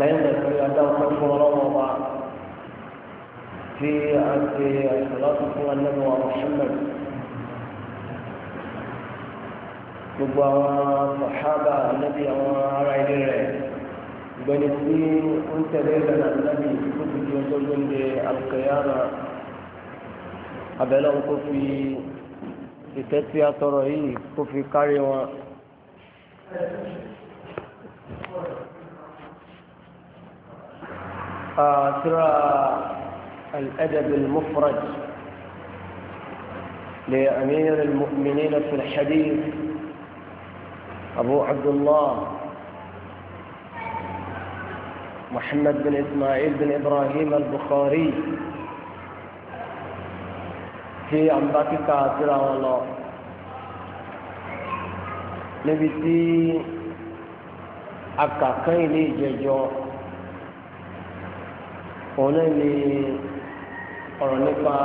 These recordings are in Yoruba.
lẹ́yìn ìgbà tí a dá ọkọ̀ fún ọlọ́wọ́ wa tí a ti àìsàlátù fún ẹlẹ́nu wa Muhammad gbogbo àwọn sàhábà ànábì àwọn ará ilé rẹ̀ gbẹni tí ó ń tẹ̀lé ìlànà ànábì tó fi di ọjọ́ gbẹ̀ndẹ̀ alùkẹ́yàmà abẹ́lẹ́ wọn kó fi ìtẹ́ tí a tọrọ yìí kó fi kárí wọn. ترى الأدب المفرد لأمير المؤمنين في الحديث أبو عبد الله محمد بن إسماعيل بن إبراهيم البخاري في أنباك كاترة والله نبتي أكاكيني جيجو òun náà ni ọ̀rọ̀ nípa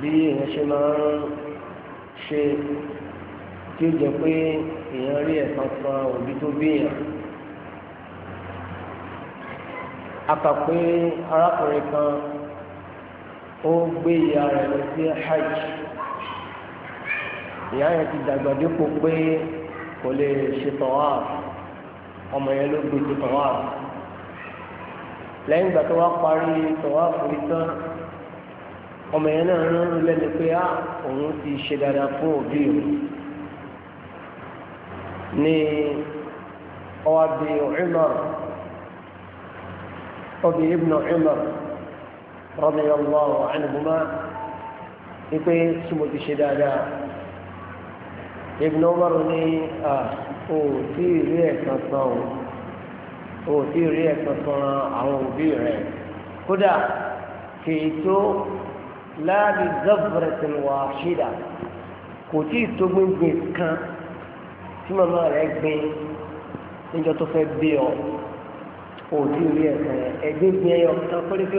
bí èèyàn ṣe máa ń ṣe tí ó jẹ pé èèyàn rí ẹ̀sán fún òbí tó bí èèyàn. akàpé arákùnrin kan ó gbé ìyá rẹ̀ lọ sí hajj ìyá yẹn ti dàgbà dípò pé kò lè ṣe tọ́wá ọmọ yẹn ló gbé e ṣe tọ́wá rẹ̀ lẹ́yìn ìgbà tó wá parí tọ̀wá fòrí tán ọmọ yẹn náà rán lẹ́nu pé á ah, òun ti ṣe dáadáa fún òbí rẹ̀ ní ọwá bí Umar ọbí ibn Umar radiyallahu anhuma wípé súnmọ́ ti ṣe dáadáa ibn Umar ní à ah, tí ìrí ẹ̀ kan san o ò tí ì rí ẹ̀sán san àwọn òbí rẹ̀ kódà kì í tó láàbì zọ́bùrẹ̀tìn wà ṣídà kò tí ì tó gbíngbìn kan tí màmá rẹ̀ gbìn níjọ́ tó fẹ́ bí ọ o ò tí ì rí ẹ̀sán yẹn ẹ̀gbíngbìn ẹyọ kan péré pé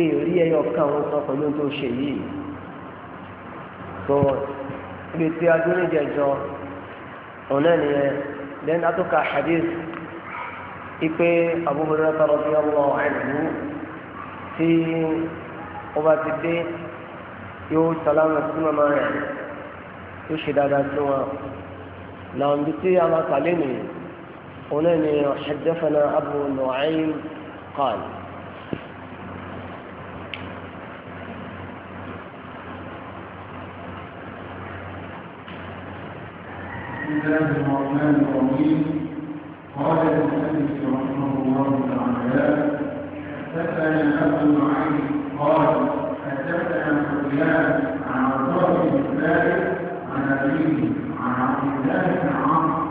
èèrí hmm, ẹyọ kan òun san pẹ̀lú tó ṣe yìí tó ibi tí a dúró níjẹ̀jọ òun náà nìyẹn lẹ́yìn atúkà hadith ipe Abu Hurairah radiyallahu anhu tí ó bá ti dé yóò sàlámù sí màmá rẹ̀ yóò ṣe dáadáa sí wọn làwọn ibi tí a máa kà lé òun náà ni haddathana Abu Nu'aym qala. الله الرحمن الرحيم قال المؤلف رحمه الله تعالى حدثنا عبد المعين قال حدثنا سفيان عن عبد بن عن ابيه عن عبد الله بن عمرو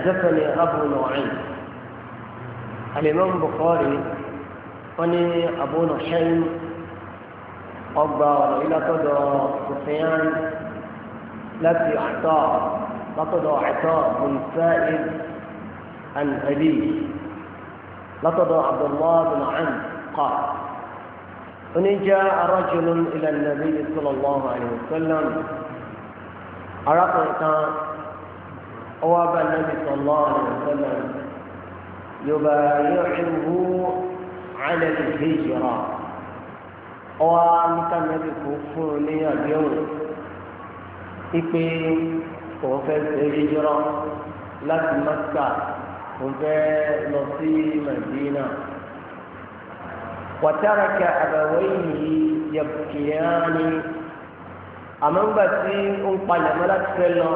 حدثني أبو نعيم الإمام البخاري وني أبو نعيم أبا إلى تدى سفيان التي أعطاه لقد أعطاه بن سائب عن أبيه لقد عبد الله بن عمرو قال إن جاء رجل إلى النبي صلى الله عليه وسلم أرقى ọwọ́ bá nàbì sọ̀lọ́ àlùfẹ́lẹ̀ yorùbá yóò ṣubú alẹ́ ìdí ìjọra ọwọ́ níta nàbì kò fún un ní àdéhùn pípé òun fẹ́ ṣe ìjọra láti mọ́tà òun fẹ́ lọ sí màdínà. وترك أبويه يبكيان أمن بسي أنقل ملك فلو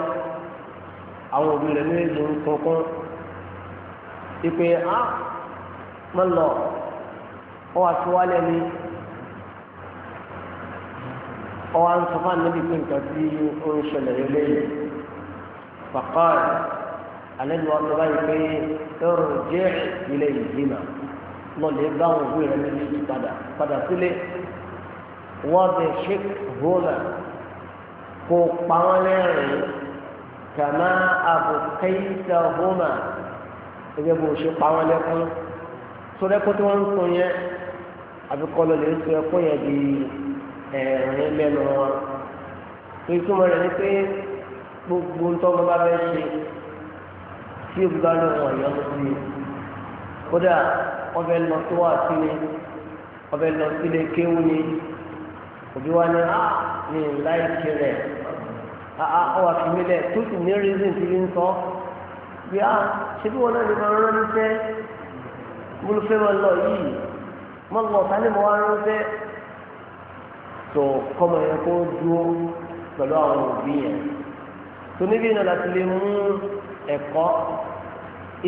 àwọn òbí rẹ̀ ní ìlú kankan ìpè á mọ́ lọ ọ wá sí wálé ní ọ wá ń sọ fún ànábì pé nǹkan tí ó ń ṣẹlẹ̀ yẹn lẹ́yìn fàkàrà àlejò wa sọ báyìí pé ẹrù jẹ́ ilé ìdínà lọ́lẹ̀ bá àwọn òbí rẹ̀ méjèèjì padà padà sílé wọ́n bẹ̀ ṣe gbọ́nà pa wọ́n lẹ́rìn-ín kàmá àbùkẹ́yìntà hómà gẹ́gẹ́ bó ṣe pa wọn lẹ́kún sọ́dẹ́kọ́ tí wọ́n ń sun yẹn àbíkọ́lọ́ lè sọ ẹkún yẹn di ẹ̀rín lẹ́nu wọn tó ìtumọ̀ rẹ̀ ni pé gbogbo ń tọ́gbọ́n bá fẹ́ ṣe tí o bá lọ wọ̀ yọ lórí o kódà ọbẹ̀ lọ tó wà sílé ọbẹ̀ lọ sílé kéwú ni òbí wa ni a ní ah, láìsí rẹ̀. Ah, ah, ọwà fìmílẹ̀ tó sì ní rízìn tí ń sọ bí a ah, ṣe bí wọn náà ní máa rán níṣẹ́ mo ló fẹ́ máa lọ yìí mo lọ ọ̀tá ní mo wá rán níṣẹ́ tó kọ́mọ yẹn kó dúró pẹ̀lú àwọn òbí yẹn tó níbi náà láti lè mú ẹ̀kọ́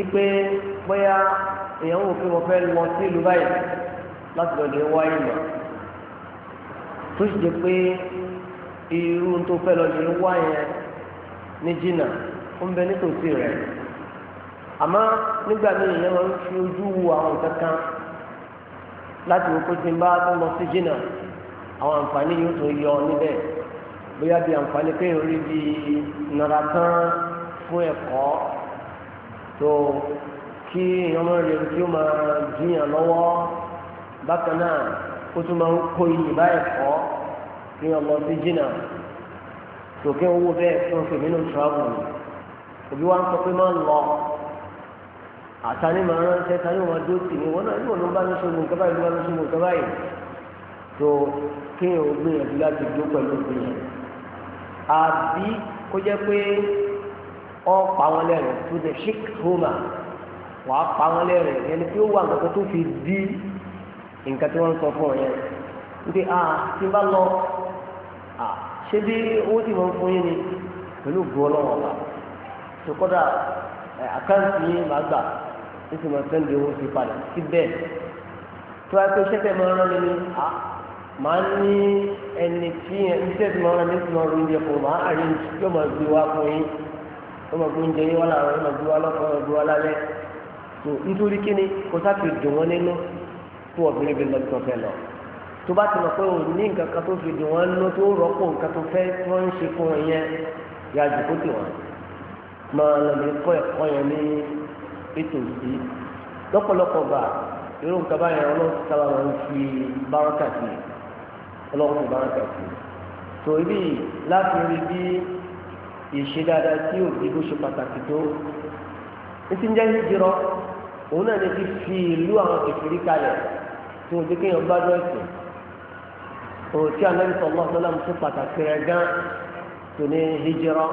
ipe bóyá èèyàn wò pé mo fẹ́ lọ sí ìlú báyìí láti lọ lè wá ìmọ̀ tó sì jẹ́ pé irú tó fẹ́ lọ lè wá yẹn ní jìnnà ń bẹ nítòsí rẹ̀ àmọ́ nígbà míì ìyẹn máa ń fi ojú wo àwọn kankan láti wò pé tí n bá tó lọ sí jìnnà àwọn àǹfààní yóò tó yọ níbẹ̀ bóyá bí àǹfààní kéèyàn rí bí nara tán fún ẹ̀kọ́ tó kí èèyàn máa rí kí ó máa jiyàn lọ́wọ́ bákan náà ó tún máa ń kó iyì bá ẹ̀kọ́ ní ọmọ sí jìnnà tòkè owó bẹ́ẹ̀ tó ń pè nínú travel òbí wa ń sọ pé máa ń lọ àtàní máa ń ránṣẹ́ tani wọn dó tì ní wọn náà ní òun bá ní sọ́gun nǹkan báyìí ló bá ní sọ́gun nǹkan báyìí tó kéèyàn ó gbìyànjú láti dó pẹ̀lú ìgbìyànjú àbí kó jẹ́ pé ọ pa wọn lẹ́rìn tó dẹ̀ ṣík hóma wàá pa wọn lẹ́rìn yẹn ni pé ó wà nǹkan tó fi di nǹkan tí wọ́n ń sọ fún ọ yẹn nítorí a ti bá lọ à ṣé bí owó tí mo ń fún yín ni pẹ̀lú ògùn ọlọ́wọ́ ọ̀la tó kọ́dà àkáǹtì yín máa gbà ní ti máa sẹ́ndì owó sí padà sí bẹ́ẹ̀ tó wáá pé iṣẹ́ tẹ̀ máa rán mi ní à máa ní ẹni tí iṣẹ́ tí máa rán mi tí máa ro oúnjẹ fún máa àárín yóò máa gbé wá fún yín yóò máa gbé oúnjẹ yín wá láàárọ̀ yóò máa gbé wá lọ́kọ̀ọ́ yóò gbé wá lálẹ́ nítorí kíni kó sáà fi dùn wọ́n nínú fún ọ̀bìnrin bí lọ́dún tó bá ti mọ̀ pé òun ní nǹkan kan tó fi dùn wọ́n nú tó rọ́pò nǹkan tó fẹ́ wọ́n ń ṣe fún ẹ yẹn ya jòkó tì wọ́n máa lọ lè kọ́ ẹ̀kọ́ yẹn ní ètò yìí lọ́pọ̀lọpọ̀ gbà irú nǹkan báyẹn ọlọ́run sábà máa ń fi báràkà sí ọlọ́run fi báràkà sí torí láti rí bí ìṣe dáadáa tí òbí bó ṣe pàtàkì tó ní ti ń jẹ́ híjirọ́ òun náà ní òtí anabi sọlọ sọlọ ti pàtàkì rẹ gan tó ní hijira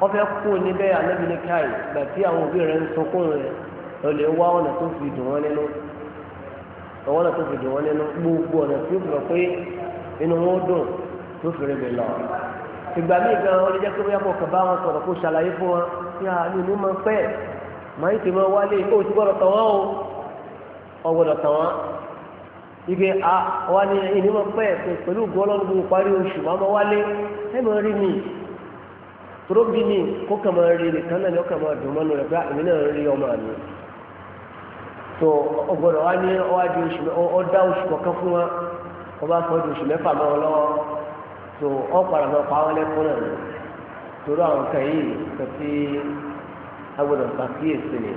ọfẹ kú níbẹ̀ anabi ní káyì gbàtí àwọn òbí rẹ ń sunkún rẹ olè wá ọ̀nà tó fi dùn wọn nínú ọwọ́n náà tó fi dùn wọn nínú gbogbo ọ̀nà tí ó fi rọ pé inú wọn dùn tó fi rẹ bẹ lọ ìgbà míì gan ọ lè jẹ́ pé bóyá bọ̀ kàn bá wọn sọ̀rọ̀ kó ṣàlàyé fún wọn kí a ní ní máa pẹ́ máa ń tì máa wálé ó ti gbọ́dọ̀ tàn wọ́n o ọ gbọ́dọ̀ tàn wọ́n ibi a ah, wà ní ìnímọ̀ pẹ́ ẹ̀sìn pẹ̀lú gọ́ọ̀lọ́nù gbogbo parí oṣù máa ma wálé ẹ̀ máa rí mi tóró bí mi kó kàn máa rí nìkan náà ni ó kàn máa dùn mọ́nu rẹ̀ pé ah, èmi náà rí ọmọ mi tó ọgbọ́dọ̀ wá ní ọwájú oṣù ọdá oṣù kọ̀ọ̀kan fún wa ọba sọ́jú oṣù mẹ́fà mọ́ ọ lọ́wọ́ tó ọ̀pàrà náà pa wọn lẹ́kún náà torí àwọn kan yìí kò sí agbọ́dọ̀ pàkíyèsí ni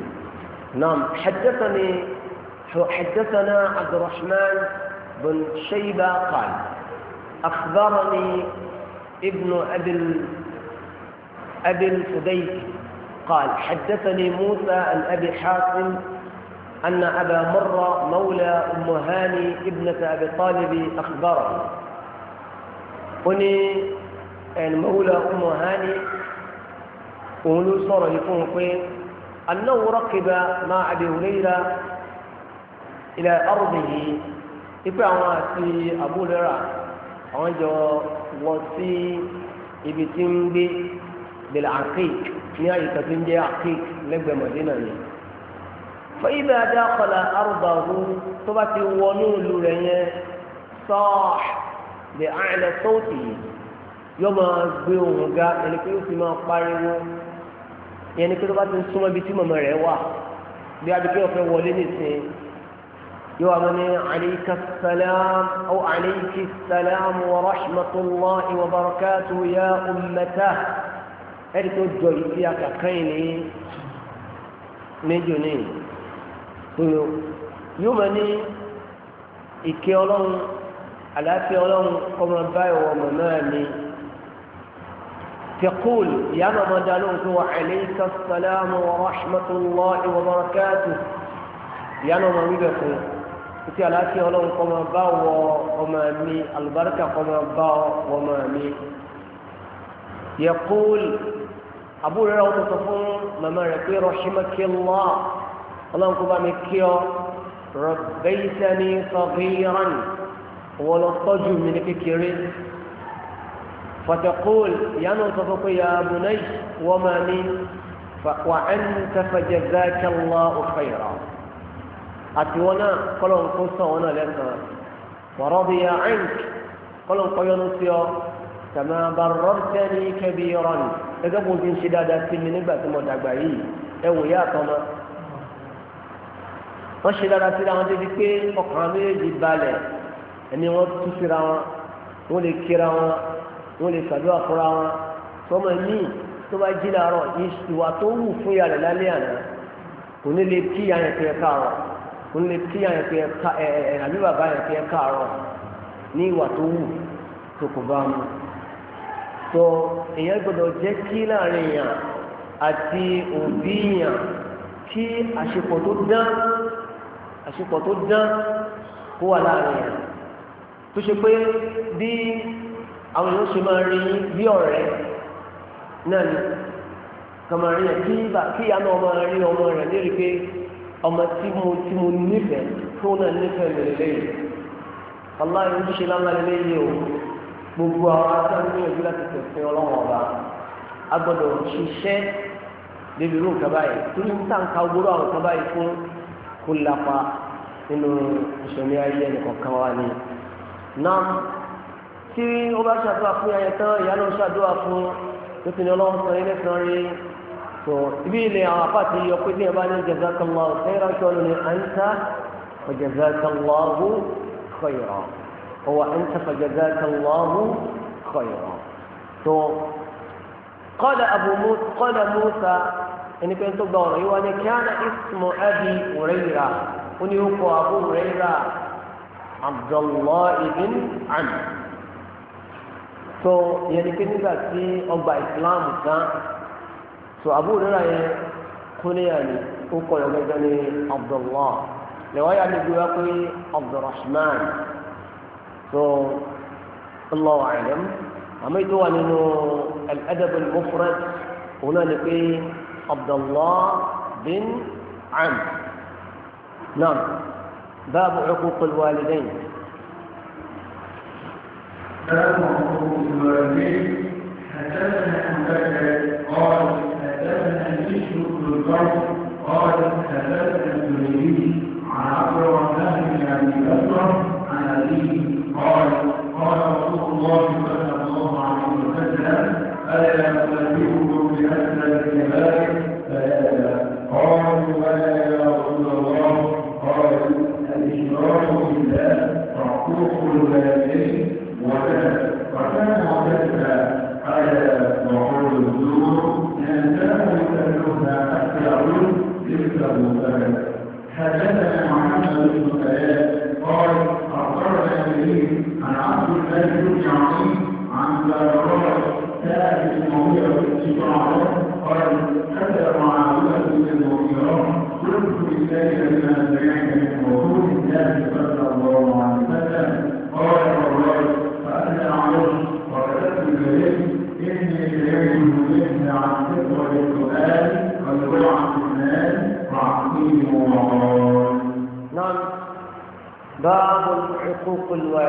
nam hajjata ni. حدثنا عبد الرحمن بن شيبة قال أخبرني ابن أبي أبي الفديك قال حدثني موسى عن أبي حاتم أن أبا مرة مولى أم هاني ابنة أبي طالب أخبره أني المولى يعني أم هاني وهو صار يكون فيه أنه ركب مع أبي هريرة ilẹ̀ ọ̀rùn yìí ipe àwọn àti abúlera àwọn jọ wọ sí ibi tí ń gbé bẹ̀rẹ̀ àkéèk ní àyíká tí ń jẹ́ àkéèk lẹ́gbẹ̀ẹ́ mọ̀dínà yìí. fẹ́ẹ́dà dákọ̀lá arúgbàwù tó bá ti wọnú ìlú rẹ̀ yẹn sọ́ọ̀ lè àìlẹ̀ sóòtì yìí yóò máa gbé ohùn ga ẹni pé ó sì máa pariwo yẹn pé tó bá ti ń súnmọ́ ibi tí mọ̀mọ́ rẹ̀ wà bí adúgbò ọ̀fẹ́ wọlé nìsín yóò wá ní aleyka salam ó aleyki salam wa rahmatullahi wa barakatu ya ummata ẹni tó jọ ìdí àkàkàn ní méjì ní yóò máa ní ìkẹ́ ọlọ́run àlàáfíà ọlọ́run ọmọ báyìí wọ ọmọ náà ni تقول يا ما دالوت وعليك السلام ورحمة الله وبركاته يا ما ويبكم ìtì àlàáfíà ọlọ́run kó ma bá wọ ọmọ mi àlùbáríkà kó ma bá ọmọ mi. yẹ̀kúl àbúrò rẹ̀ wọ́n sọ fún màmá rẹ̀ pé rahimakillah ọlọ́run kó bá mi kí ọ rabbaytani saghiran wọ́n lọ tọ́jú mi ní kékeré. فتقول يا نوتفق يا بني وما لي وأنت فجزاك الله خيرا àti wọn náà kọ́lọ̀ ń kó sàn wọn náà lẹ́sàn-án wọ́rọ́ bí i àìnk kọ́lọ̀ ń kọ́ yọnu sí ọ tẹ̀mẹ́ abarọ́tẹ́ ní kẹ́bí ọ̀rọ̀ ni gẹ́gẹ́ bó ti ń ṣe dáadáa sí mi nígbà tí mo dàgbà yìí ẹ wò yá àtọ́ mọ́ wọ́n ṣe dáadáa sí àwọn débi pé ọkàn méjèèjì balẹ̀ ẹni wọ́n tú síra wọn wọ́n lè kíra wọn wọ́n lè ṣàdúrà fúnra wọn tọ́mọ míì tó bá jí làárọ̀ ìwà tó wù fún yàrá lálẹ́ àná kò ní lè kí yàrá ìpínlẹ̀ ń lè kí àyàn pé ẹ̀ka ẹ̀ àbí bàbá àyàn pé ẹ̀ka àárọ̀ ní ìwà tó wù tó kò bá mu tó èèyàn gbọ́dọ̀ jẹ́ kí láàrin èèyàn àti òbí èèyàn kí àṣepọ̀ tó dán àṣepọ̀ tó dán kó wà láàrin èèyàn tó ṣe pé bí àwọn èèyàn ṣe máa rí bí ọ̀rẹ́ náà ni kàmáà rí yàn kí ìyá náà máa rí ọmọ rẹ̀ lérí pé ọmọ tí mo tí mo nífẹ̀ẹ́ tó náà nífẹ̀ẹ́ mi lélẹ́yìn aláìní ojúṣe lánà lélẹ́yìn o gbogbo àwọn asáníyànjú láti tẹ̀sẹ̀ ọlọ́wọ́n ọba a gbọ́dọ̀ ṣiṣẹ́ lébi irú nǹkan báyìí torí níta ń ka gbóró àwọn nǹkan báyìí fún kó lápá nínú ìṣẹ̀lẹ̀ ayé ẹnìkọ̀ọ̀kan wa ni. náà tí ó bá ṣàdúrà fún ayẹyẹ tán ìyá náà ṣàdúrà fún tó ti ní ọlọ́run sọ ilé kan rí tó ibi ilẹ̀ àwọn apá ti yọ pé ní ẹ̀bá ní jazakallahu khairan ṣọ́nù ní anta fa jazakallahu khairan ọwọ́ anta fa jazakallahu khairan tó qala Abu Musa qala Musa ẹni pé tó gba ọ̀rọ̀ yìí wá ní kana ismu Abi Hurayra ó ní ó kọ Abu Hurayra Abdullahi bin Amr tó yẹn ni pé nígbà tí ọgbà ìsìláàmù kan. so abu rira yẹn kúnlẹ̀ ni ó kọ̀yọ̀ gẹ́gẹ́ ní abdullah lẹ́wọ́yà mi gbé wá pé abdulrahman so allah alam àmọ́ ètò wà nínú al-adab mufrat òun náà ni pé abdullah bin am naam báàbù uquq al-walidayn. باب حقوق الوالدين حدثنا مبدل قال حدثنا بشر بن القيس قال حدثنا الزهري عن عبد الرحمن بن ابي بكر عن ابيه قال قال رسول الله صلى الله عليه وسلم الا نبلغكم باسلم الكبائر قالوا بلى يا رسول الله قال الاشراك بالله تعقوق الوالدين وكان وكان وكان على ظهور الزور كذلك كنا أكثرون تلك المسلمين حدثنا محمد بن سلام قال أخبرنا به عن عبد الله بن عظيم عن ضرورة ثابت مولى بن قال حتى معاوية بن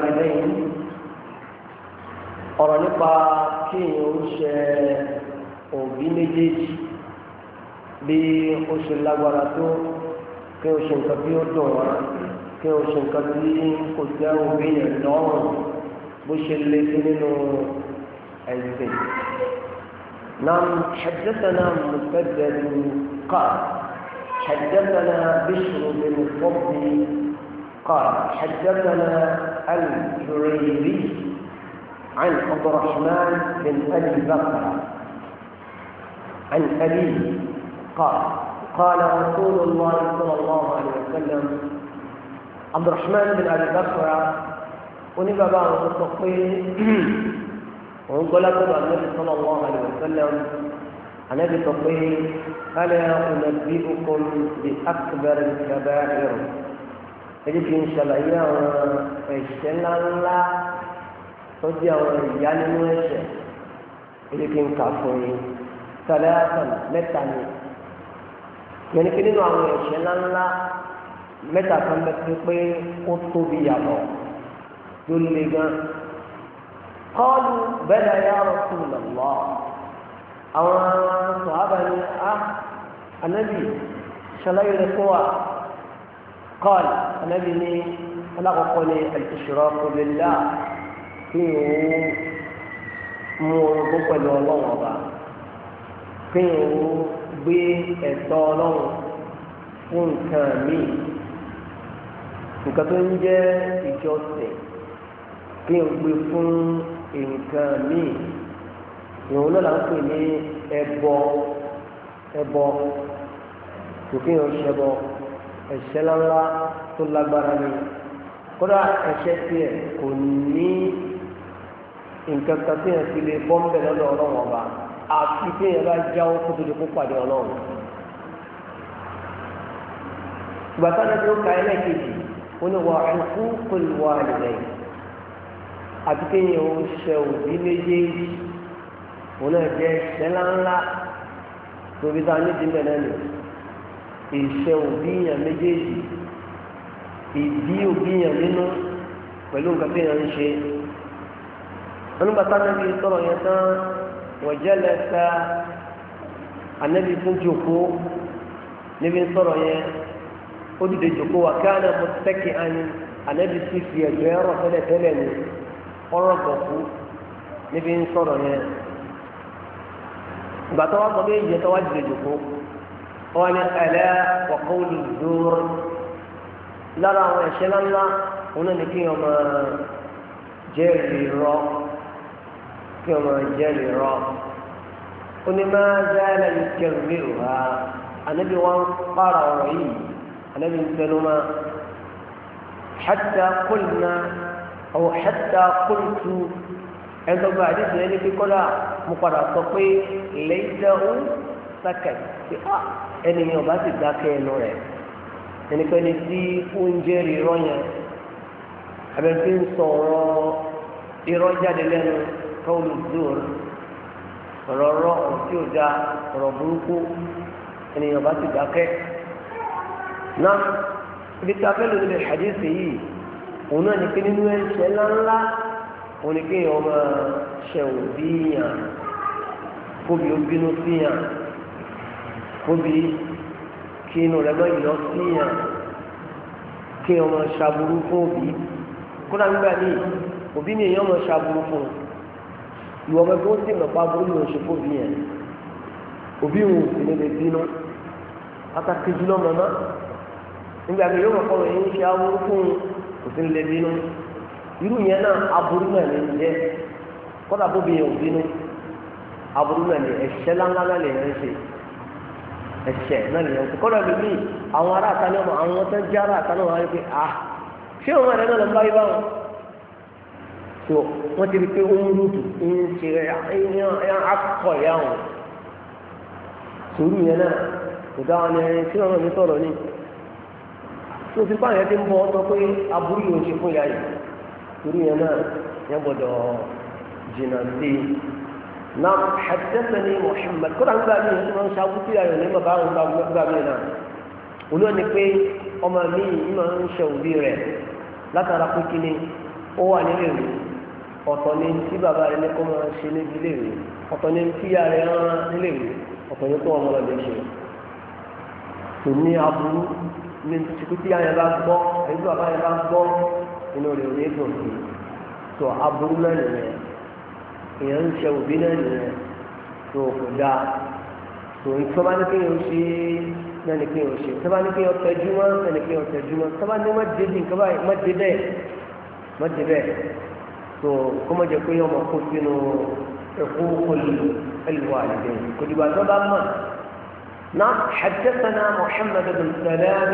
الوالدين ọ̀rọ̀ nípa kí èèyàn ó ṣe òbí méjèèjì bí ó ṣe lágbára tó kí ó ṣe nǹkan bí ó dùn wá kí ó ṣe nǹkan bí kò jẹ́ òbí yẹn lọ́rùn bó ṣe lé sí nínú ẹ̀sìn. نعم حدثنا مسدد قال حدثنا بشر بن فضل قال حدثنا الجريري عن عبد الرحمن بن ابي بكر عن ابيه قال قال رسول الله صلى الله عليه وسلم عبد الرحمن بن ابي بكر ونبى بعض المتقين وقال النبي صلى الله عليه وسلم عن ابي التفصيل الا انبئكم باكبر الكبائر ẹjẹ kí n ṣàlàyé àwọn ẹ̀ṣẹ̀ ńláńlá tó jẹ́ àwọn ìyá nínú ẹ̀ṣẹ̀ ẹjẹ kí n kà fún yín sàlẹ́yàtàn mẹ́ta ni yẹn kí nínú àwọn ẹ̀ṣẹ̀ ńláńlá mẹ́ta kan bẹ́ẹ̀ pé ó tóbi yàtọ̀ ló le gan kọ́ọ̀lù bẹ́ẹ̀ yà Rasulullah àwọn sọ̀hábà ni a ah, anabi ṣàlàyé rẹ̀ fún wa. قال أنا بني أنا أقولي الإشراك بالله في مربوط الله وضع في بالدولار fún nǹkan míì nǹkan tó ń jẹ́ ìjọsìn kí n gbé fún nǹkan míì ìrùn náà là ń pè ní ẹbọ ẹbọ kò kí n ṣẹbọ ẹ̀ṣẹ̀ ńláńlá tó lágbára ni kódà ẹ̀ṣẹ̀ tiẹ̀ kò ní nǹkan kan tí yẹn ti lè bọ́ ń bẹ̀ lọ́dọ̀ ọlọ́run ọba àti tí yẹn bá jáwọ́ kó tó lè kó pàdé ọlọ́run. gbàtà náà tó ka ẹlẹ́kejì ó ní wà ẹ̀kú kò lè wà nílẹ̀ àti kéèyàn ó ṣe òbí méjèèjì òun náà jẹ́ ẹ̀ṣẹ̀ ńláńlá tóbi tá a ní ti mẹ́lẹ́ nìyẹn ìṣẹ́ òbíyàn méjèèjì ìbí òbíyàn nínú pẹ̀lú nǹkan tí èèyàn ń ṣe onígbàtà níbi sọ̀rọ̀ yẹn tán wọ̀jẹ́lẹ̀ ta ànábi fún jòkó níbi sọ̀rọ̀ yẹn ó dìde jòkó wà ká náà mo tẹ́kì àní ànábi sì fi ẹ̀jọ́ ẹ̀rọ tẹ́lẹ̀tẹ́lẹ̀ ni ọ̀rọ̀ gbọ̀kú níbi sọ̀rọ̀ yẹn ìgbà tó wà sọ pé ìjẹ́ tó wà dìde jòkó wọn ẹlẹ wọkọọlù dùr lára àwọn ẹ̀ṣẹ̀ ńláńlá wọn náà ní kí wọn máa jẹ́rìí rọ kí wọn máa jẹ́rìí rọ onímọ̀ zẹ́lẹ̀ ní kẹrìndé òhà anabi wọn kpara ọ̀rọ̀ yìí anabi ń tẹnu ma hatta kulna awo hatta kultu ẹnlọgbà àdìsí ẹni kíkọ́ la mo padà sọ pé lẹ́yìn dáhùn sákẹ̀ pé á ah, ẹnìyàn bá sì dákẹ́ ẹnu rẹ̀ ẹnikẹ́ni tí oúnjẹ rí irọ́ yẹn abẹ́rẹ́ fi ń sọ̀rọ̀ irọ́ jáde lẹ́nu kọ́ọ̀lù zoro ọ̀rọ̀ ọ̀rọ̀ tí ò da ọ̀rọ̀ burúkú ẹnìyàn bá sì dákẹ́ náà ibi tí a fẹ́ lò nílẹ̀ hadithi yìí òun náà ní nínú ẹ̀ṣẹ̀ ńláńlá òun ní pé èèyàn máa ṣẹ̀wò bíyàn kóbi ó bínú síyàn kóbi kí inú rẹ mọ ìyọ síyàn kí ọmọ ṣàbùrú fún òbí kódà nígbà míì òbí ni èèyàn mọ ṣàbùrú fún un ìwọ ọmọ ẹgbẹ́ ó sì mọ̀ pa burú ló ń ṣe fún òbí yẹn òbí òun ò sì ní lè bínú pàtàkì jùlọ màmá nígbà míì yóò mọ̀ pọ̀ ẹ̀yìn ṣe aburú fún un kò sí ní lè bínú irú yẹn náà aburú náà lè jẹ́ kódà bóbi yẹn ò bínú aburú náà lè ẹ̀ṣẹ̀ láńlá náà lè yẹn ṣe. ẹ̀ṣẹ̀ náà nìyẹn kò kọ́dọ̀ lómi àwọn ará àtàlẹ́ ọmọ àwọn tó ń jẹ́ ará àtàlẹ́ ọmọ pé à ṣé òun náà lọ bá tó wọ́n ti rí pé ó ń rúdù ń ṣe ìyá wọn. yẹn ti ń sọ pé aburú yóò ṣe fún ìyá yìí. yẹn náà yẹn نعم حدثني محمد كل عن بابي هنا من شاوتي يعني لما بعض بابي هنا ولو نكوي أما مين ما نشاوبي ره لا ترى كوكيني هو نيري ọ̀tọ̀ ni tí bàbá rẹ̀ ní kó máa ṣe níbi léèrè ọ̀tọ̀ ni tí ìyá rẹ̀ rán níléèrè ọ̀tọ̀ ni tó ọmọ rẹ̀ lè ṣe kò ní aburú ní tìkútì ayẹyẹ bá gbọ́ ẹ̀dùn bàbá yẹn bá gbọ́ inú rẹ̀ ò ní dùn sí i tó aburú lẹ́nu rẹ̀ èèyàn ń ṣe òbí náà nìyẹn tó kò dáa tó ń tọ́ bá ní kí èèyàn ṣe náà ní kí èèyàn ṣe tọ́ bá ní kí èèyàn tẹ́jú mọ́ náà ní kí èèyàn tẹ́jú mọ́ tọ́ bá ní má dé bí nǹkan báyìí má dé bẹ́ẹ̀ má dé bẹ́ẹ̀ tó kó má jẹ́ pé ọmọ kó sínú ẹ̀kọ́ kọlu ẹlùwàlẹ̀ kò dìgbà tó bá mọ̀ نعم حدثنا محمد بن سلام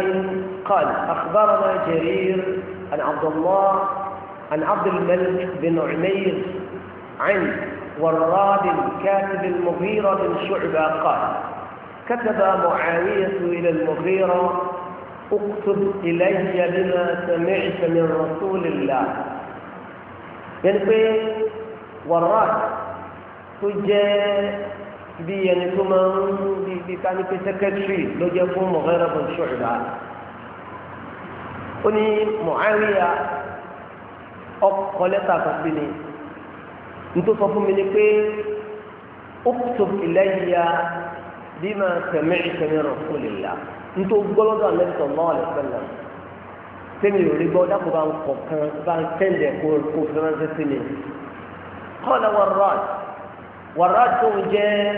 قال أخبرنا جرير عن عبد الله عن عبد الملك بن عمير عن وراد كاتب المغيرة بن شعبة قال كتب معاوية إلى المغيرة اكتب إلي بما سمعت من رسول الله يعني وراد تجا بي يعني كما بيتاني في سكتشي لو جابوا مغيرة بن شعبة أني معاوية أقلتها تقبلين nítorí sọ fún mi ni pé uktub ilayya bima sami'ta min rasulillah nítorí gbọ́lọ́dọ̀ Ànábì sallallahu alaihi wasallam sẹ́mi ò rí gbọ́ dákò bá ń kọ̀ kan bá ń tẹ́lẹ̀ kó kó fẹ́ ránṣẹ́ sí mi. qala warrad warrad tó ń jẹ́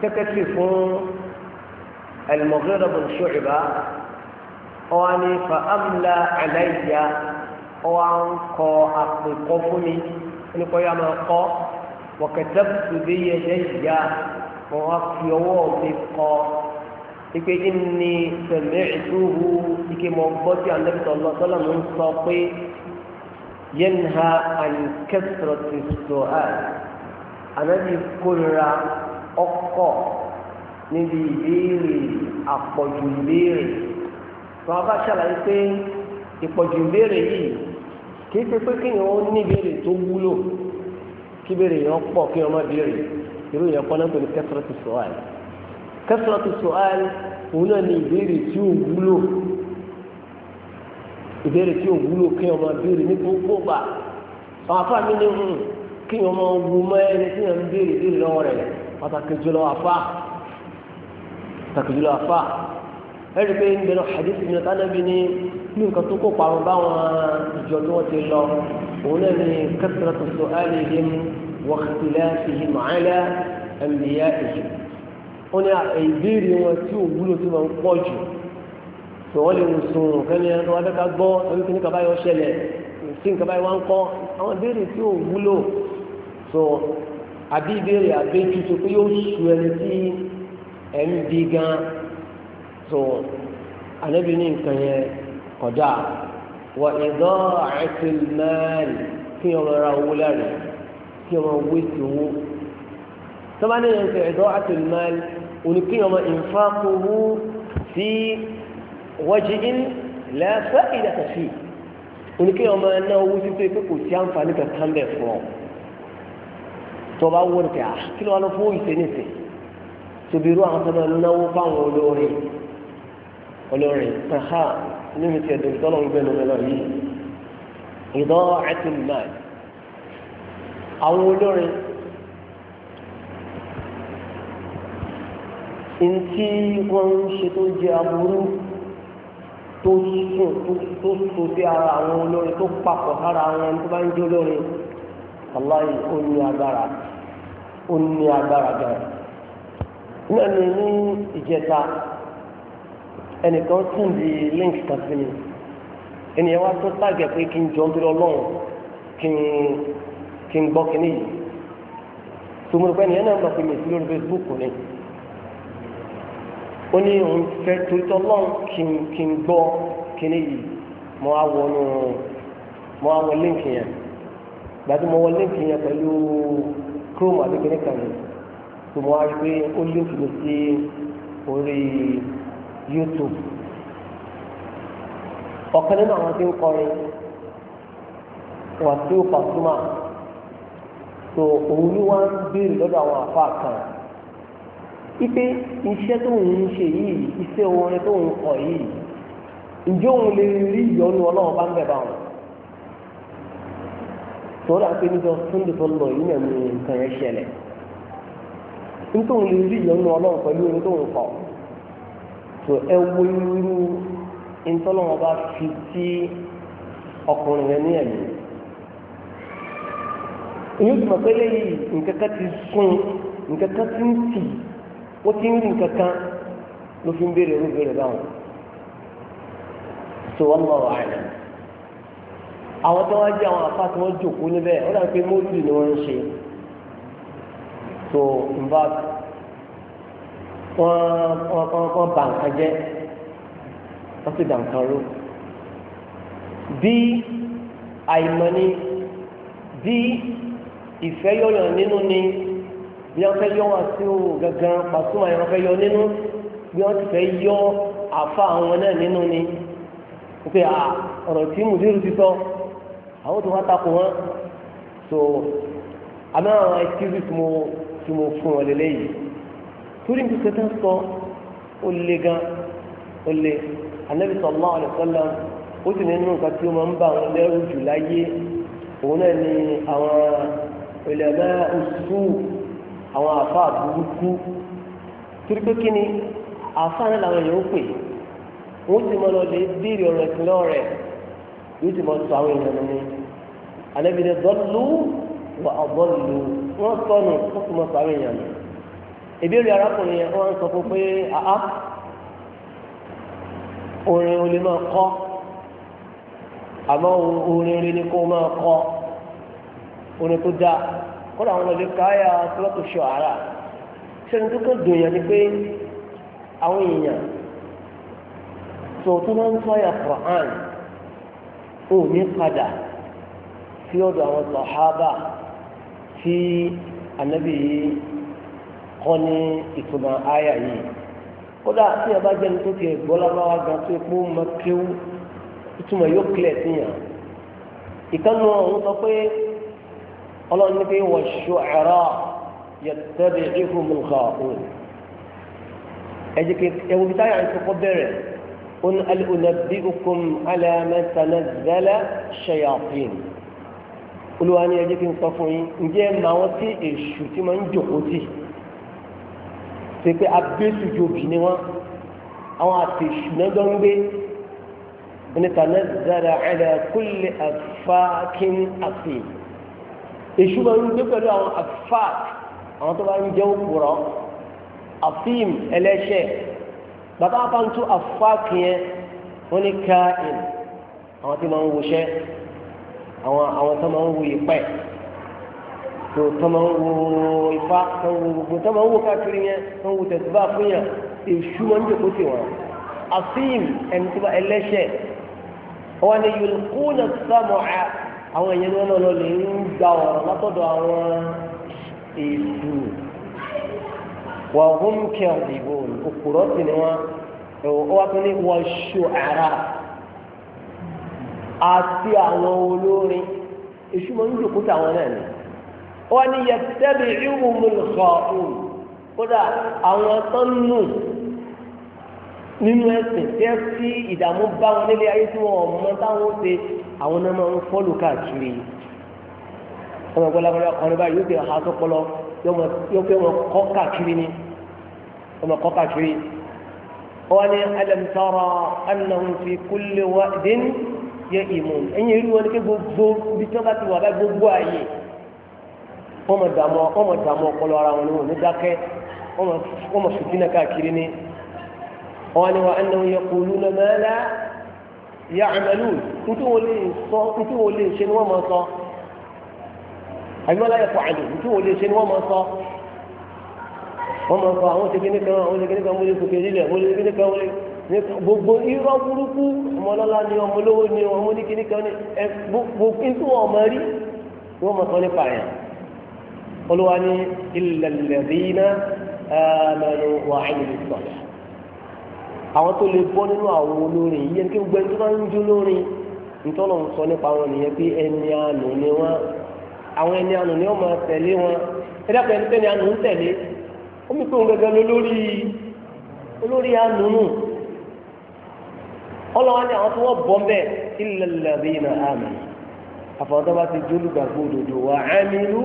sẹ́kẹ́tì fún al-Mughira bin Shu'ba ọ̀hání fa amla alayya ọwọ́ à ń kọ àpèkọ́ fún mi nípa yà máa kọ́ wọ̀kẹ́tẹ́ tùdí yẹ lẹ́yìn yá wọ́n wá fi ọwọ́ mi kọ́ ike inni sẹ̀mẹ́ ìdúhu ike mọ̀ gbọ́ tí àndẹ́bí sọ̀lọ́ sọ́lá mi ń sọ pé yẹn ha àyìnkẹ́sọ̀rọ̀ ti sọ àì ànábì kórira ọkọ̀ níbi ìbéèrè àpọ̀jù ìbéèrè wọn bá ṣàlàyé pé ìpọ̀jù ìbéèrè yìí kìí ṣe pé kéèyàn ó ní ìbéèrè tó wúlò kí ìbéèrè yẹn pọ̀ kí wọ́n má béèrè irú yẹn kọ́ náà pẹ̀lú kẹsàrọ́tù sọ́ọ̀l kẹsàrọ́tù sọ́ọ̀l òun náà ní ìbéèrè tí ò wúlò ìbéèrè tí ò wúlò kí wọ́n má béèrè ní gbogbo gbà àwọn afá mi ní hùn hmm, kí wọ́n má wú mọ́ ẹni tí wọ́n ń béèrè béèrè lọ́wọ́ rẹ̀ pàtàkì jùlọ afá pàtàkì jùlọ afá ẹ̀rí pé ń bẹ̀rẹ̀ ní nǹkan tó kó parun báwọn ìjọ tí wọ́n ti lọ òun náà ni kẹsìrẹ́ tuntun alihim wọ́kìtìlẹ́ fihì màálẹ́ ẹ̀mìyá èyí wọ́n ní ìbéèrè wọn tí ò wúlò tí wọ́n ń pọ̀ jù tó wọ́n lè wò sùn kẹ́ni ẹni tó fẹ́ ká gbọ́ ẹni tó ní kaba yọ ṣẹlẹ̀ sí nǹkan báyìí wá ń kọ́ àwọn ìbéèrè tí ò wúlò tó àbí ìbéèrè àbẹ́jú tó pé yóò su ẹni tí ẹ̀ ń bí gan tó ànábì ní nǹkan yẹn kọjá wà ìdọ́ àìsílmẹ́ẹ̀lì kí ọmọ ra owó lẹ́rìn kí ọmọ wéṣì owó sábàánì yẹn ṣe ìdọ́ àìsílmẹ́ẹ̀lì òní kí ọmọ ìfàkùnwó sí wọ́jì in lẹ́fẹ́ ìdàkàṣì òní kí ọmọ ẹ̀ná owó títí pé kò sí àǹfààní kankan bẹ̀ fún ọ tó wọ́n kẹ́ ah, kí ló lọ fún ìṣe nìṣe tòbí irú àwọn tó náà náwó fáwọn olórin olórin tàn nínú ti ẹ̀dùn tọ́lọ̀ ń gbẹ́nu lọ yìí ìdán ẹ̀tún náà àwọn olórin ntí wọ́n ń ṣe tó jẹ́ aburú tó sùn tó so sí ara àwọn olórin tó papọ̀ sára àwọn ẹni tó bá ń jó lórin aláì ó ní agbára ó ní agbára gan-an náà ní ìjẹta ẹnìkan tún di link kan sí mi ènìyàn wá tó tàgẹ̀ pé kí n jọ ń bí ọlọ́run kí n kí n gbọ́ kíní yìí tòmùrùpẹ́ nìyẹn náà máa fi mèsì lórí Facebook ni ó ní òun fẹ́ torítọ́ ọlọ́run kí n kí n gbọ́ kíní yìí mo á wọnú mo á wọ link yẹn gbàtí mo wọ link yẹn pẹ̀lú Chrome àbí kíní kan yìí tòmùrùpẹ́ ó link mi sí orí. YouTube ọ̀kan nínú àwọn tí ń kọrin Wasiu Pasuma tó òun ni wọ́n ń béèrè lọ́dọ̀ àwọn àfa kan ipe iṣẹ́ tó ń ṣe yìí iṣẹ́ orin tó ń kọ yìí ǹjẹ́ òun lè rí ìyọnu ọlọ́run bá ń bẹ̀ bá wọn tọ́lá pé níjọ sunday tó lọ yìí nàní nǹkan yẹn ṣẹlẹ̀ nítorí lè rí ìyọnu ọlọ́run pẹ̀lú orin tó ń kọ. tó ẹ wo irú ntọ́lọ́wọ́n bá fi tí ọkùnrin rẹ ní ẹ̀mí ìyóò tún ọ̀pẹ lẹ́yìn ti sún nǹkan kan ti ń tì ó ti ń rí nǹkan kan ló fi ń béèrè irú béèrè báwọn tó wọn lọ wà àwọn tó wọn jẹ àwọn afá tí jòkó níbẹ̀ dàbí pé ni wọ́n ń ṣe ń bá wọ́n bà nǹkan jẹ́ wọ́n sì dà nǹkan rú bí àìmọ̀ ni bí ìfẹ́ yọ̀yàn nínú ni bí wọ́n fẹ́ yọ wọn sí òwò gangan pàṣùmọ̀ yẹn wọ́n fẹ́ yọ nínú bí wọ́n ti fẹ́ yọ àfa àwọn náà nínú ni wípé ọ̀rọ̀ tí mùdírù ti sọ àwọn tó wá takò wọn so àmọ́ àwọn excuses mo mo fún wọn lélẹ́yìí torí nǹkan tó sọ ó le gan ó le anabi sallallahu alaihi wasallam ó sì nínú nǹkan tí ó máa ń bá àwọn lẹ́rù jù láyé òun náà ni àwọn ulama usu àwọn àfa burúkú torí pé kí ni àfa náà làwọn èèyàn ó pè wọ́n ti máa lọ lè béèrè ọ̀rọ̀ ẹ̀sìn lọ́wọ́ yóò ti máa sọ àwọn èèyàn nínú anabi ni dọ́lù wà ọ̀bọ̀lù wọ́n sọnù ó sì máa sọ àwọn èèyàn nínú ìbéèrè arákùnrin yẹn wọ́n sọ fún pé àá orin o lè máa kọ àmọ́ orin rẹ ni kó o máa kọ orin tó dáa kódà àwọn ọlọ́dẹ káyà tọ́lọ́tò ṣọ ara sẹ́ni tó kàn dùn yẹn ni pé àwọn èèyàn tó tó máa ń sọ̀yà Quran ò ní padà sí ọ̀dọ̀ àwọn sàhábà tí ànábì yìí kọ́ ní ìtumọ̀ àyà yìí kódà tí yẹn bá jẹ́ni tó ti gbọ́ lọ́wọ́ gan tó epo mọ kéwú ìtumọ̀ yóò kílẹ̀ sí yàn ìkànnì ọ̀hún sọ pé ọlọ́run ní pé wọ́n ṣọ ẹ̀rọ yẹtẹ́bi ìhùn mùkà òun ẹ̀jẹ̀ ẹ̀wù bíi táyà ń sọkọ bẹ̀rẹ̀ on alùnàbí okùn alàmẹ́sànà zẹ́lẹ̀ ṣẹ̀yàfín olùwà ni ẹ̀jẹ̀ kí sọ fún yín ǹjẹ́ màá wọ́n tí èṣù tí máa ń jòkó tì ṣe pé abésùjòbì ni wọn àwọn àtẹ̀sùnẹ́jọ́ ń gbé onítànẹ́sàdà ẹ̀rẹ̀ kúlẹ̀ àfáàkín àti èṣù máa ń gbé pẹ̀lú àwọn àfáàk àwọn tó bá ń jẹ́ òpùrọ̀ àfíìm ẹlẹ́ṣẹ̀ bàbá bá ń tún àfáàkín yẹn wọ́n ní káàkiri àwọn tí máa ń wọṣẹ́ àwọn àwọn tó máa ń wọ ìpẹ́ tó tọ́mọ̀ ń wo ifá tó ń wo gbogbo tọ́mọ̀ ń wo káàkiri yẹn tó ń wo tẹ̀síbá fún yàn èṣù wọn jòkó sí wọn. asim ẹni tó bá ẹlẹ́ṣẹ̀ wọn na sọmọ ẹ àwọn èèyàn wọn lọ lè ń gba ọ̀rọ̀ látọ̀dọ̀ àwọn èṣù wà hún kẹrì ìbò òkúrọ̀ sí ni wọn ọ wá tún ni wọ́n ní yẹtẹ́bì ìwùmùlùkọ̀ ọ̀hún kódà àwọn tó ń nù nínú ẹsẹ̀ tẹ́ sí ìdààmú bá wọn nílé ayé tí wọn mọ táwọn ó ṣe àwọn náà máa ń fọ́lù káàkiri ọmọ ẹgbẹ́ lábẹ́rẹ́ ọkùnrin báyìí yóò ṣe aṣọ yóò fẹ́ wọn kọ́ káàkiri ni ọmọ kọ́ káàkiri wọn ní alam tara annahum fi kulli wadin yẹ ìmọ̀ ẹ̀yìn irú wọn ní kí gbogbo bí tí wọ́n bá ti wà bá gbogbo ààyè wọ́n mọ̀ dààmú wọ́n mọ̀ dààmú ọpọlọ ara wọn ni wọ́n ní dákẹ́ wọ́n mọ̀ fìdí náà káàkiri ni wọ́n ní wa ẹnu yẹ kúlú náà mẹ́lá yà àmàlù ntí wọ́n lè sọ ntí wọ́n lè ṣe ni wọ́n mọ̀ sọ àbí wọ́n láyẹ̀ fọ àlè ntí wọ́n lè ṣe ni wọ́n mọ̀ sọ wọ́n mọ̀ sọ àwọn ṣèkínní kan àwọn ṣèkínní kan wọlé sókè lílẹ̀ wọlé ṣèkínní kan wọlé gbogbo irọ́ burúkú ọmọlọ́lá ni ọmọlówó ni ọmọ oníkínní kan ni gbogbo ntí wọ́n mọ̀ rí wọ́n mọ̀ sọ nípa yẹn olúwa ní illal ladhina amanu wa amilu sọ̀rọ̀ àwọn tó lè bọ́ nínú àwọn olórin yìí ẹni kí gbogbo ẹni tó bá ń jó lórin ntọ́nà ń sọ nípa wọn nìyẹn pé ẹni àánú ni wọn àwọn ẹni àánú ni wọn máa tẹ̀lé wọn ẹ dákun ẹni tẹ́ni àánú ń tẹ̀lé omi pé òun gẹ́gẹ́ lólórí olórí àánú nù ọlọ́wọ́n ní àwọn tí wọ́n bọ́ mbẹ́ illal ladhina àfọwọ́tọ́ bá ti jólúgbàgbó òdòdó wa amilu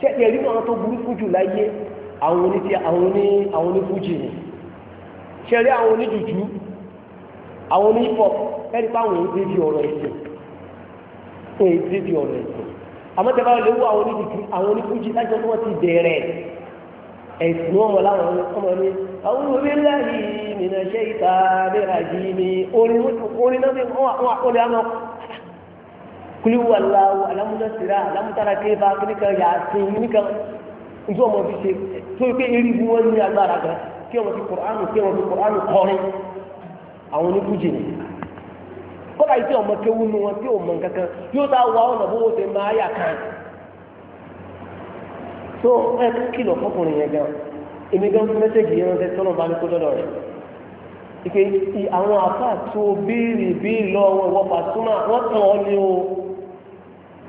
tí ẹ̀tì ẹ̀rí náà tó burúkú jù láyé àwọn oní àwọn onífújì ni ṣe rí àwọn oníjùjú àwọn onífọ̀ ẹ̀rí páwọn èyí débi ọ̀rọ̀ ẹ̀sìn fún èyí débi ọ̀rọ̀ ẹ̀sìn àmọ́ tẹ́ bá lè wú àwọn oníjùjú àwọn onífújì lájọ́ tí wọ́n ti bẹ̀rẹ̀ ẹ̀sìn wọn láwọn ọmọ ní àwọn orílẹ̀ yìí nìyẹn ṣe ìta bẹ́ẹ̀ kuli walawo alamuta sira alamutara keba kinikan yaasi kinikan nti wọn fi ṣe tó ike erigun wọn ní agbára kan kí wọn fi kur'anu kí wọn fi kur'anu kọrin àwọn oníkújì ni kọ́lá yìí tí ọmọ kéwu nu wọn tí ọmọ kankan yóò tá a wá ọ̀nà bó wọ́n ṣe máa ya ike